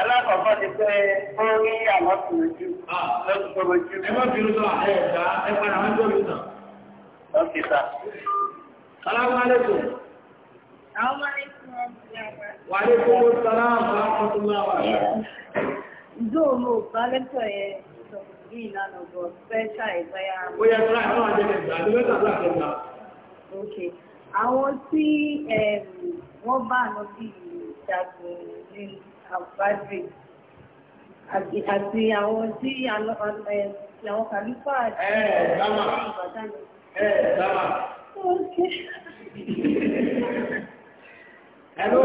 alákọ̀ọ́kọ́ ti pé ó rí àlọ́kùn ojú. Ah, lọ́kùnkọ̀rọ̀ ojú. ẹ má bínú sọ àárẹ̀ ẹ̀dá ẹ padà wọn tó lùtàn. lọ́kì sá. alámàlẹ́kùn. àwọn máa ní kí wọ́n bí àwọn. wà á lè kó wọn sara àbá ọdún náà wà. zoo mo bá lẹ́tọ̀ yẹn bí ìlànà ọ̀dọ̀ fẹ́ṣà ìgbáyà. ó yẹ fúláì náà jẹ́ kẹgbà ló mẹ́ta àwọn tí wọ́n bá àná bí ìjagun nínú àbúbáṣe àti àwọn tí àwọn kàlífà àti ìbàdàn. Hello.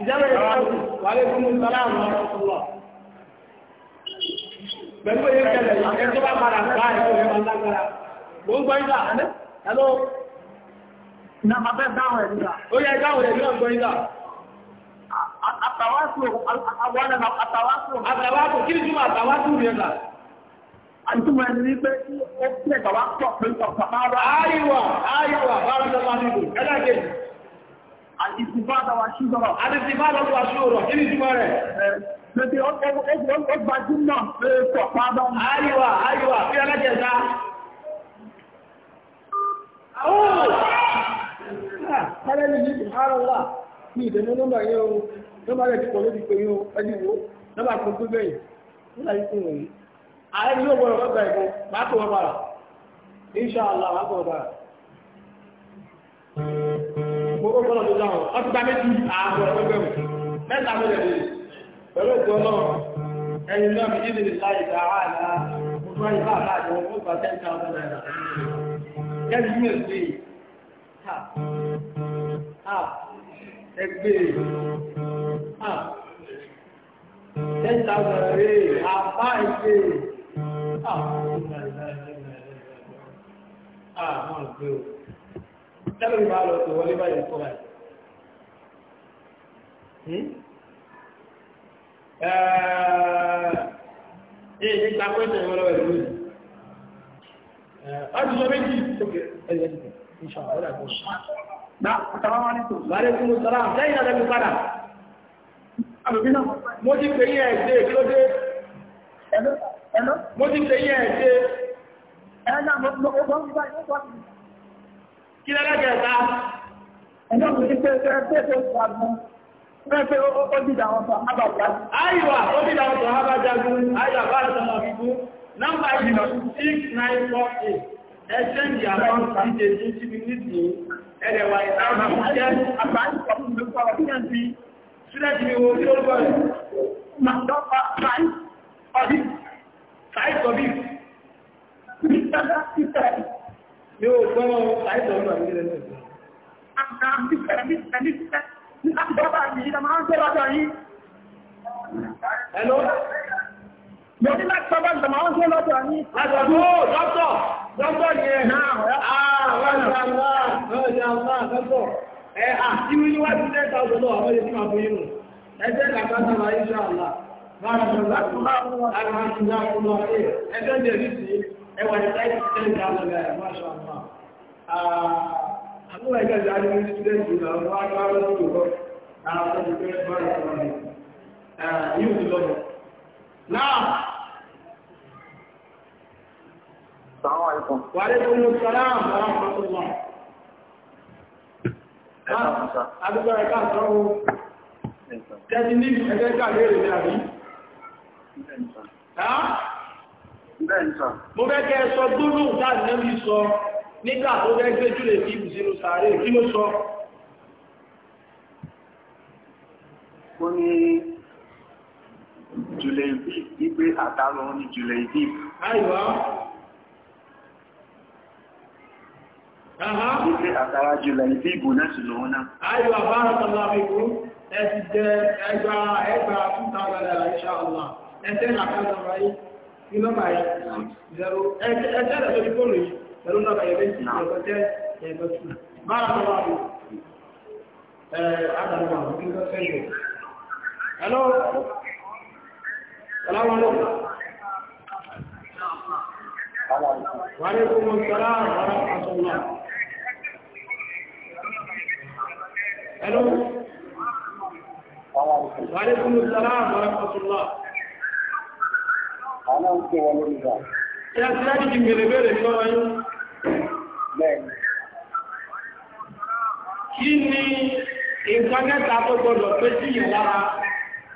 Ìjábẹ̀ ìwádìí, wà lè fún mi sọ́lá àwọn ọmọ ọ̀pọ̀lọ̀. Pẹ̀lú èyí kẹlẹ̀, àwọn tó bá padà bá ìwé wọn lágbára. Mo ń gbọ́ ìgbà, hello. Na máa fẹ́ dáhùn ẹ̀ nígbà. Ó yẹ dáhùn ẹ̀ nígbà gbọ́ ìgbà àtàwátù àtàwátù kí ni túmọ̀ àtàwátù rẹ̀ là. àtúmọ̀ ẹni ní pé ó pè bàbá pọ̀ pé ọ̀pọ̀ máa wá. àyíwá àyíwá bára lọ́wọ́ nínú ẹ̀dá kejì. àdìsíbáàdà wa ṣúgbọ́n. àdìsíbáàdà wa ṣúgbọ́n kí n'o rẹ̀ ti pọ̀ lórí pé yóò ẹni kan tó bẹ̀yìn nígbà yìí fún òun. ààrẹ ni yóò gbọ́dọ̀ ẹ̀kọ́ máa wọn insha allah máa kó wọn padà. mo kó gbọ́dọ̀ tó dáhùn wọ́n ti gba méjì ààbọ̀ ẹgbẹ̀rún mẹ́ta mo lè lè pẹ̀lú òkú ọlọ́run ẹ̀yin náà mi ìdílé láì dá àlá mo tún wáyé bá àlá àjọ ẹgbẹ́ ten thousand rẹ̀ àbá ìgbé àwọn ìgbé o tẹ́lẹ̀ ìbá lọ tó wọlé báyìí kọ́ báyìí ẹ̀ẹ́ ní ìgbàpẹ́ ìtẹ̀wọ́ lọ́wọ́ ìlú yìí ọdún lọ méjì tó kẹ́ ẹ̀yẹ́ ìṣàwọ́ ìdàgbọ́n Mo ti pè yẹ ẹ̀dẹ́ kí ló dé? Mo ti pè yẹ ẹ̀dẹ́. Ẹ̀dá mo ti lọ́kọ́ gbọ́n gbá ìwọ́n wá. Kí lẹ́lẹ́gẹ̀ẹ́ ta? Ẹ̀dá mo ti pè ẹ̀fẹ́ ẹ̀fẹ́ ẹ̀fẹ́ ọ̀pọ̀ àgbọn. Fẹ́fẹ́ ó dìdà wọn sọ, ábà ọ̀pọ̀ àgbọn. Àìwà ó dìdà wọn sọ, ábà jagun, àìdà bá ẹ̀ṣẹ́ ìyàwó ìdíje tí ti mi nìdí ẹ̀rẹ̀wà ìdáwọn àwọn ọmọdé àbáyé pọ̀lú lópa ọdún bí sílẹ̀kì ni wo tí ó lọ́wọ́ rẹ̀ máa dọ́pa láì ọdí láìsọ̀bí ní ó gbọ́n láìsọ̀bí àwọn ilẹ̀ náà Mo ní láti sọ ah ìgbà máa ń gbé lọ́dọ̀ ní. Àjọ̀dún ó dọ́tọ̀ dọ́tọ̀ ni ẹ̀ hàn. Àwọn ìjà ah àwọn ìjà ńlá dọ́tọ̀. ah àti wíwájú ten thousand náà àwọn ìjọba fún yín. Ẹ jẹ́ kàkà sára ìṣẹ́ ah Àwọn ẹgbẹ́ ìjà ní ìsìdẹ́jì ìlànà wọ́n á gbá ah ìwọ́ àwọn ìgbẹ́ ah ìgbẹ́ نعم السلام عليكم وعليكم السلام ورحمة الله Adúgbò ẹ̀ká sọ́rọ̀ tẹ́tí ní ẹgbẹ́ ìgbàlẹ́ ìrìn àrí. Mo bẹ́ kẹ́ sọ gbóòrò láti lẹ́bí sọ nígbà tó bẹ́ gbé jùlẹ̀ sí ìbùsínú sàárè kí ló sọ? Mo ní jùlẹ̀bí wípé àtàrà òun ni jùlẹ̀bí. Àìwá. Wípé àtàrà jùlẹ̀bí ìbò náà sì lòun náà. Àìwá bá àtàrà àfikún, ẹ ti jẹ ẹgbà ẹgbà fúnta gbàdàrà ìṣà ọ̀la. Ẹjẹ́ àkàtà ráyé, ní nọ́mbà yẹn, zero, ẹjẹ́ ẹ̀dà tó ti fóònù yìí, pẹ̀lú nọ́mbà yẹn méjì, ẹ̀kọ́ jẹ́ ẹ̀kọ́ tù. Bá àtàrà àfikún, ẹ̀ẹ́dàgbà, kí ló fẹ́ yẹ? Hello? السلام عليكم وعليكم السلام ورحمة الله ألو وعليكم السلام ورحمة الله أنا أنت وليدا يا سلام جميل بيري شوي بẹ́ẹ̀ni. Kí ni nǹkan mẹ́ta tó gbọdọ̀ pé sí ìyẹn lára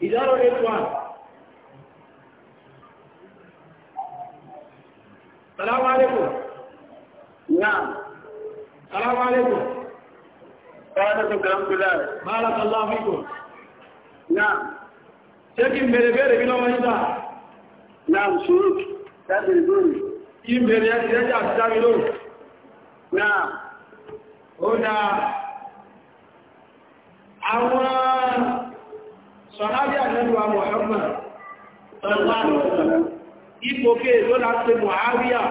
081. Salaam alaikum. Naam. Salaam alaikum. Salaam alaikum. Bára Allah fíkò. Naam. Ṣé kí n bèèrè bèèrè bí lọ́wọ́ níta? Naam, ṣúrù. Dábìrì lórí. Kí n bèèrè ẹ́ ti rẹ́jà ti dábì lórí. Naam. Ó dáa. Àwọn sọ̀hábí àjẹ́lúwà Muhammad ipò kéè ló láti Muhammad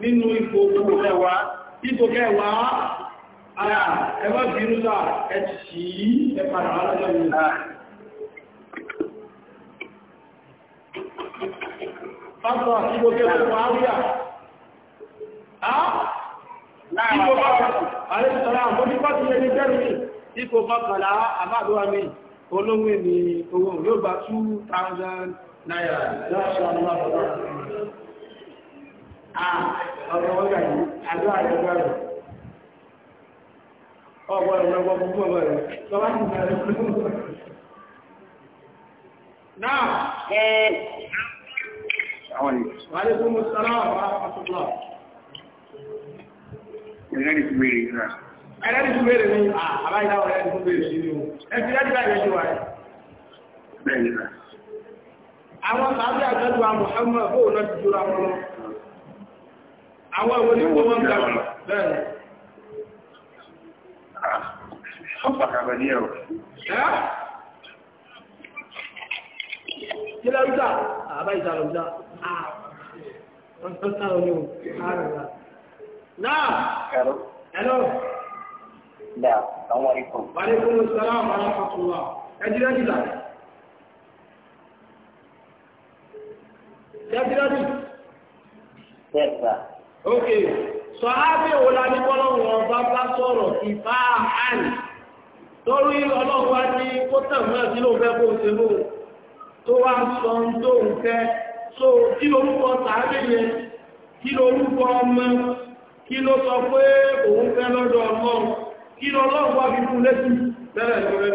nínú ipò ẹwà ipò kẹwà ara ẹwà bírúta ẹ̀tì ẹ̀pàdà alájọ́ ìlú Fáfọ́ ipò kéè ló Muhammad Ipò kọkànlá àbádọ́wà mi olówó ni owó yóò ah, bá 2,000 náírà lọ́ṣọ́ ọlọ́pàá ọ̀rọ̀ ọ̀gá yìí àdó àjọgbà rẹ̀ ọgbọ̀n ìrọ̀gbọ̀ gbogbo ọgbọ̀ rẹ̀ tọ́wá ti bẹ̀rẹ̀ náà ẹ̀ àwọn ìrìn ẹ̀rẹ́ ní fún bèèrè ní àbáyíká ọ̀rẹ́ ní fún bèèrè sí ní o ẹ̀fí láti bá ìrẹ́jú wa rẹ̀. àwọn sàbí àjọ́jú wa Muhammad bóò náà ti dúró àwọn ọmọ àwọn ìwò ní wọ́n gbà bẹ́ẹ̀. Náà, àwọn um ikọ̀. Wàlé kúrò sọ́lá àwọn aláfàtúwà, ẹjìrẹ́jìlá. Ẹjìrẹ́jì. Tẹ́gbà. Ok, sọ ábẹ́ òun la ní kọ́lọ́wọ́ ọba bá sọ̀rọ̀ ìfá àárín. Torí ọlọ́wọ́ ní kó tẹ̀mọ́ So, kí lorúkọ tàbí yẹn, kí lorúkọ ọmọ, kí ló sọ pé òun fẹ́ lọ́dọ̀ ọlọ́run. kí lọ lọ́wọ́ wá fi fún lẹ́rẹ̀ Lọ́dún kò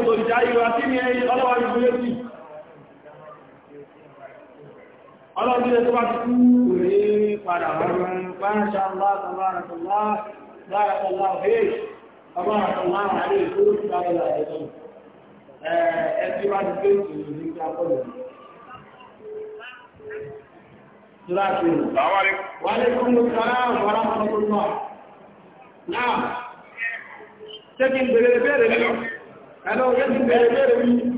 ń ìjà àti ní ọlọ́wà ọlọ́dúnlẹ̀ tó bá ti kú rèé padà rọrùn bá ń ṣe aláà tàbára tàbá dára tàbá ọ̀hẹ́ tàbára tàbá àárẹ̀ tó ń bá ẹ̀lá ẹ̀tọ́ ẹ̀ẹ́sì bá ti gbé ìrìn ní Hello, yes, you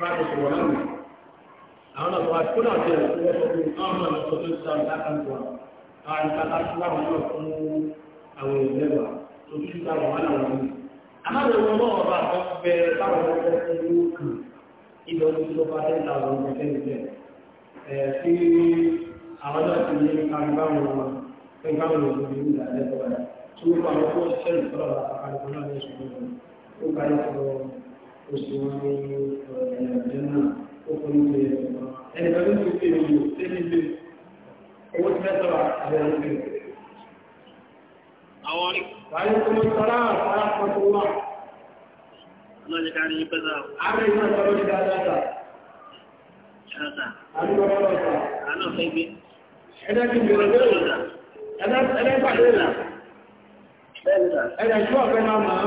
practice for one week. àwọn ọ̀sán wa kó náà jẹ́ ìwọ́n tó kú ọmọ ọ̀nà tó tó sáré lákàtúntò wa àwọn ìpàtà tí láwọn náà fún àwọn ìlẹ́wà tó tún sí àwọn wọn àwọn ìlú. àmàlẹ̀ wọn náà ọba àkọ́ bẹ̀rẹ̀ táwọn ọkọ̀ fún ní òkú ìlọ tó tó bá tẹ́ láwọn ọmọ tẹ́ ìjẹ́ ẹ̀ sí àwọn náà ti ní kàgbáwọn ọmọ kẹgbáwọn ọmọ ìlú ìlàlẹ́ tó òṣèwọ́n ẹ̀rẹ̀ náà ó fún ní ẹ̀rẹ̀ ẹ̀rẹ̀ tó fi èyí tẹ́lẹ̀ owó tí mẹ́tọ̀ àbẹ̀rẹ̀ rẹ̀ àwọn orí wáyé tó ní sọ́lá àpárá pọ̀tọ̀ wà lọ́jọ́ kárí ní pẹ́sà ààrẹ iná sọ́lọ́ ní dáadáa ṣáàtà àdúgbò ọlọ́ọ̀ta àánú fẹ́ gbé ẹ̀dá ti bèrè lórí ẹ̀dá ẹ̀dá pàdé ẹ̀dá ẹ̀dá tí wọ́n fẹ́ máa máa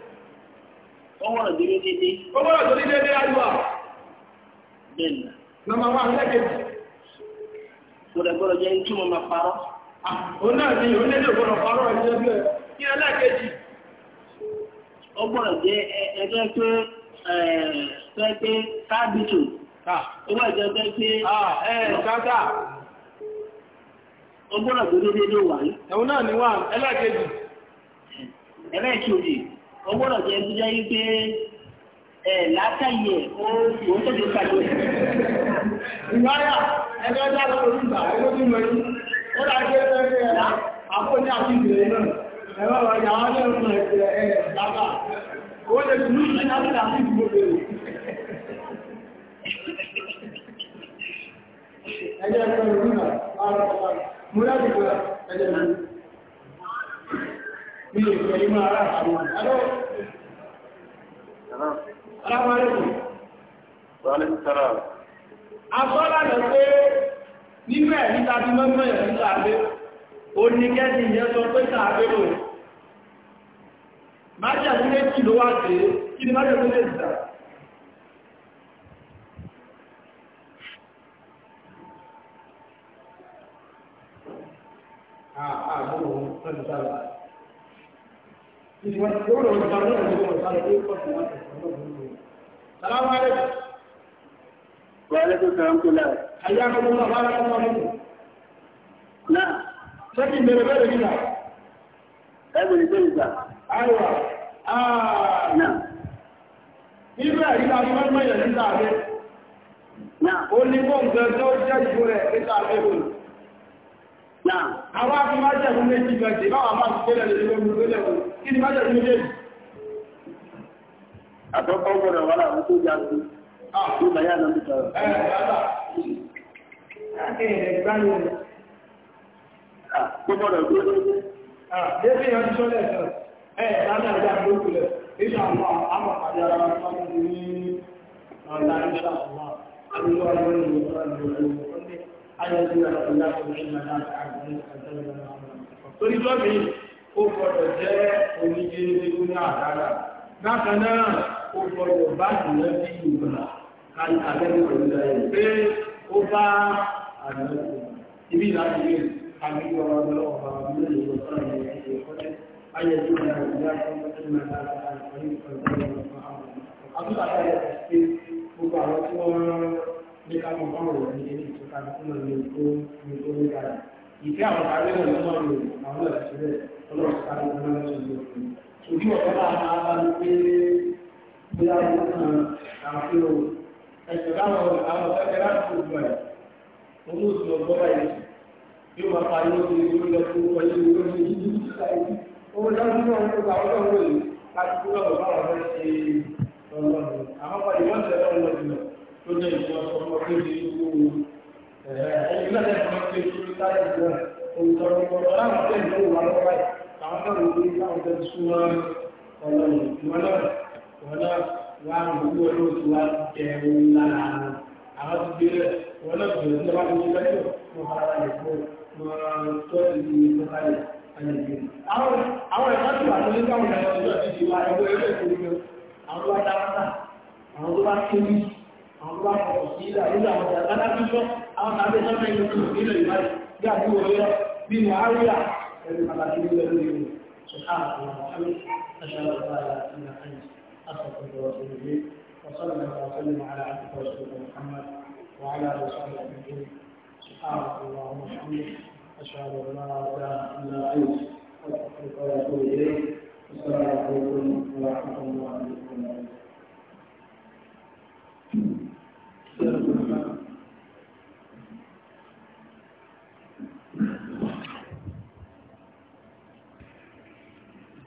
ó wọ́rọ̀ dúró dédé. ó wọ́rọ̀ dúró dédé àdúrà. bẹ́ẹ̀ ni. nọmba wa lẹ́kẹ̀ẹ́. kò dẹ̀ ní tí mo ní ẹgbẹ́ kí ẹ lẹ́kẹ̀ẹ́jì. ó gbọ́dọ̀ jẹ́ wà náà ó gbọ́dọ̀ jẹ́ tó jẹ́ wípé ẹ̀ látàyè ó ó tó ti pàdé. ìgbáyà ẹgbẹ́ àti olùgbà tí mo ó dà àti ìbèrè náà wọn lè fún dábà lè ní ilé ìfẹ́ inú ara àwọn àdáwọ̀. Asọ́lá lọ pé nínú ẹ̀ níta bí mọ́mọ́ ẹ̀ níta pé ó ní kẹ́sì ìyẹn sọ pé tààbé lò. Májẹ̀ sí méjì ló wá pé kí ni májẹ̀ sí méjì dà? Ah, ah, no, no, no, no, no, no. السلام عليكم وعليكم السلام ورحمة الله حياكم الله بارك الله فيكم نعم لكن من غير كذا ابن كذا ايوه اه نعم nígbà ìgbà tí wọ́n mọ̀ ìyẹn nígbà rẹ̀ ó ní kó nǹkan tó jẹ́ ìgbò rẹ̀ nígbà rẹ̀ ó náà àwọn akọ̀wájẹ̀ fún méjì gbẹ̀ẹ́sì báwọn máa ti tẹ́lẹ̀ lórí olùgbẹ́lẹ̀ òun kí ni májẹ̀ ní ilé àtọ́kọ́ gbọ́dọ̀ wà láwọn tó ah. yá sí ní bàyá náà ti sọ̀rọ̀ tó gbọ́dọ̀ gbé lórí Ẹgbẹ́ ìyàn ti sọ́lẹ̀ ẹ̀sẹ̀ ẹ̀ẹ̀dáná ìjà lókùlẹ̀, ìṣàmà àmàpàdé ara wọn sọ́mọ́ ní ọ̀la ìṣàmà. Àdúgbò àwọn ìwọ̀n ó gbọ́dọ̀ jẹ́ onígbèrègbè ní àdára bákan náà ó gbọ́dọ̀ bá jùlọ sí ìgbà káyí abẹ́rẹ́ pẹ̀lú ẹ̀yìn pé ó bá àdára ibi láti rí àgbégbà ọlọ́wọ́ ọba mílẹ̀ ìwọ̀sán ìrìn àti ìkọ́lẹ̀ ayẹyẹ ìgbà ìgbà ìgbà ìgbà ìgbà ìgbà ìgbà ìgbà ìfẹ́ àwọn àríwọ̀ ní wọ́n lò àwọn ìṣẹ́lẹ̀ ọlọ́ọ̀sáré ọlọ́ọ̀sọ̀lọ́ ojú ọ̀pọ̀ máa bá ń pé bóyá wọ́n kan àfihàn ẹ̀sẹ̀ láwọn àwọn ọ̀fẹ́ láti gbogbo ẹ̀ olóòtú ọgbọ́n báyìí yóò máa ẹ̀yìn náà lẹ́nu pé ìṣúrí táyà ìjọ olùtọ́ ní ọ̀rọ̀ láwọn tẹ̀ ní òwà lọ́wọ́ báyìí àwọn náà wò ó láwọn tẹ̀ súnmọ́ ọ̀nà ìwọ náà ìwọ náà wà á wò ó lọ́wọ́ tí wàá jẹ ohun lára wọn àwọn ti gbé rẹ̀ ìwọ náà bẹ̀rẹ̀ sí ọba tuntun lẹ́yìn mọ́ ara rẹ̀ fún mọ́ tó ti di mọ́ ara rẹ̀ àwọn àwọn ẹ̀ka tó wà lórí báwọn ẹ̀rọ ìjọ ti di wa ẹgbẹ́ ẹgbẹ́ ìgbòho àwọn tó bá dáná àwọn tó bá kéwì àwọn tó bá kọ̀ọ̀ sí ilé àwọn tó bá dáná àwọn tàbí سبحانك اللهم وبحمدك أشهد أن لا إله إلا أنت أستغفرك وأتوب إليك وصلى الله وسلم على عبدك ورسولك محمد وعلى آله وصحبه سبحانك اللهم وبحمدك أشهد أن لا إله إلا أنت أستغفرك وأتوب إليك السلام عليكم ورحمة الله وبركاته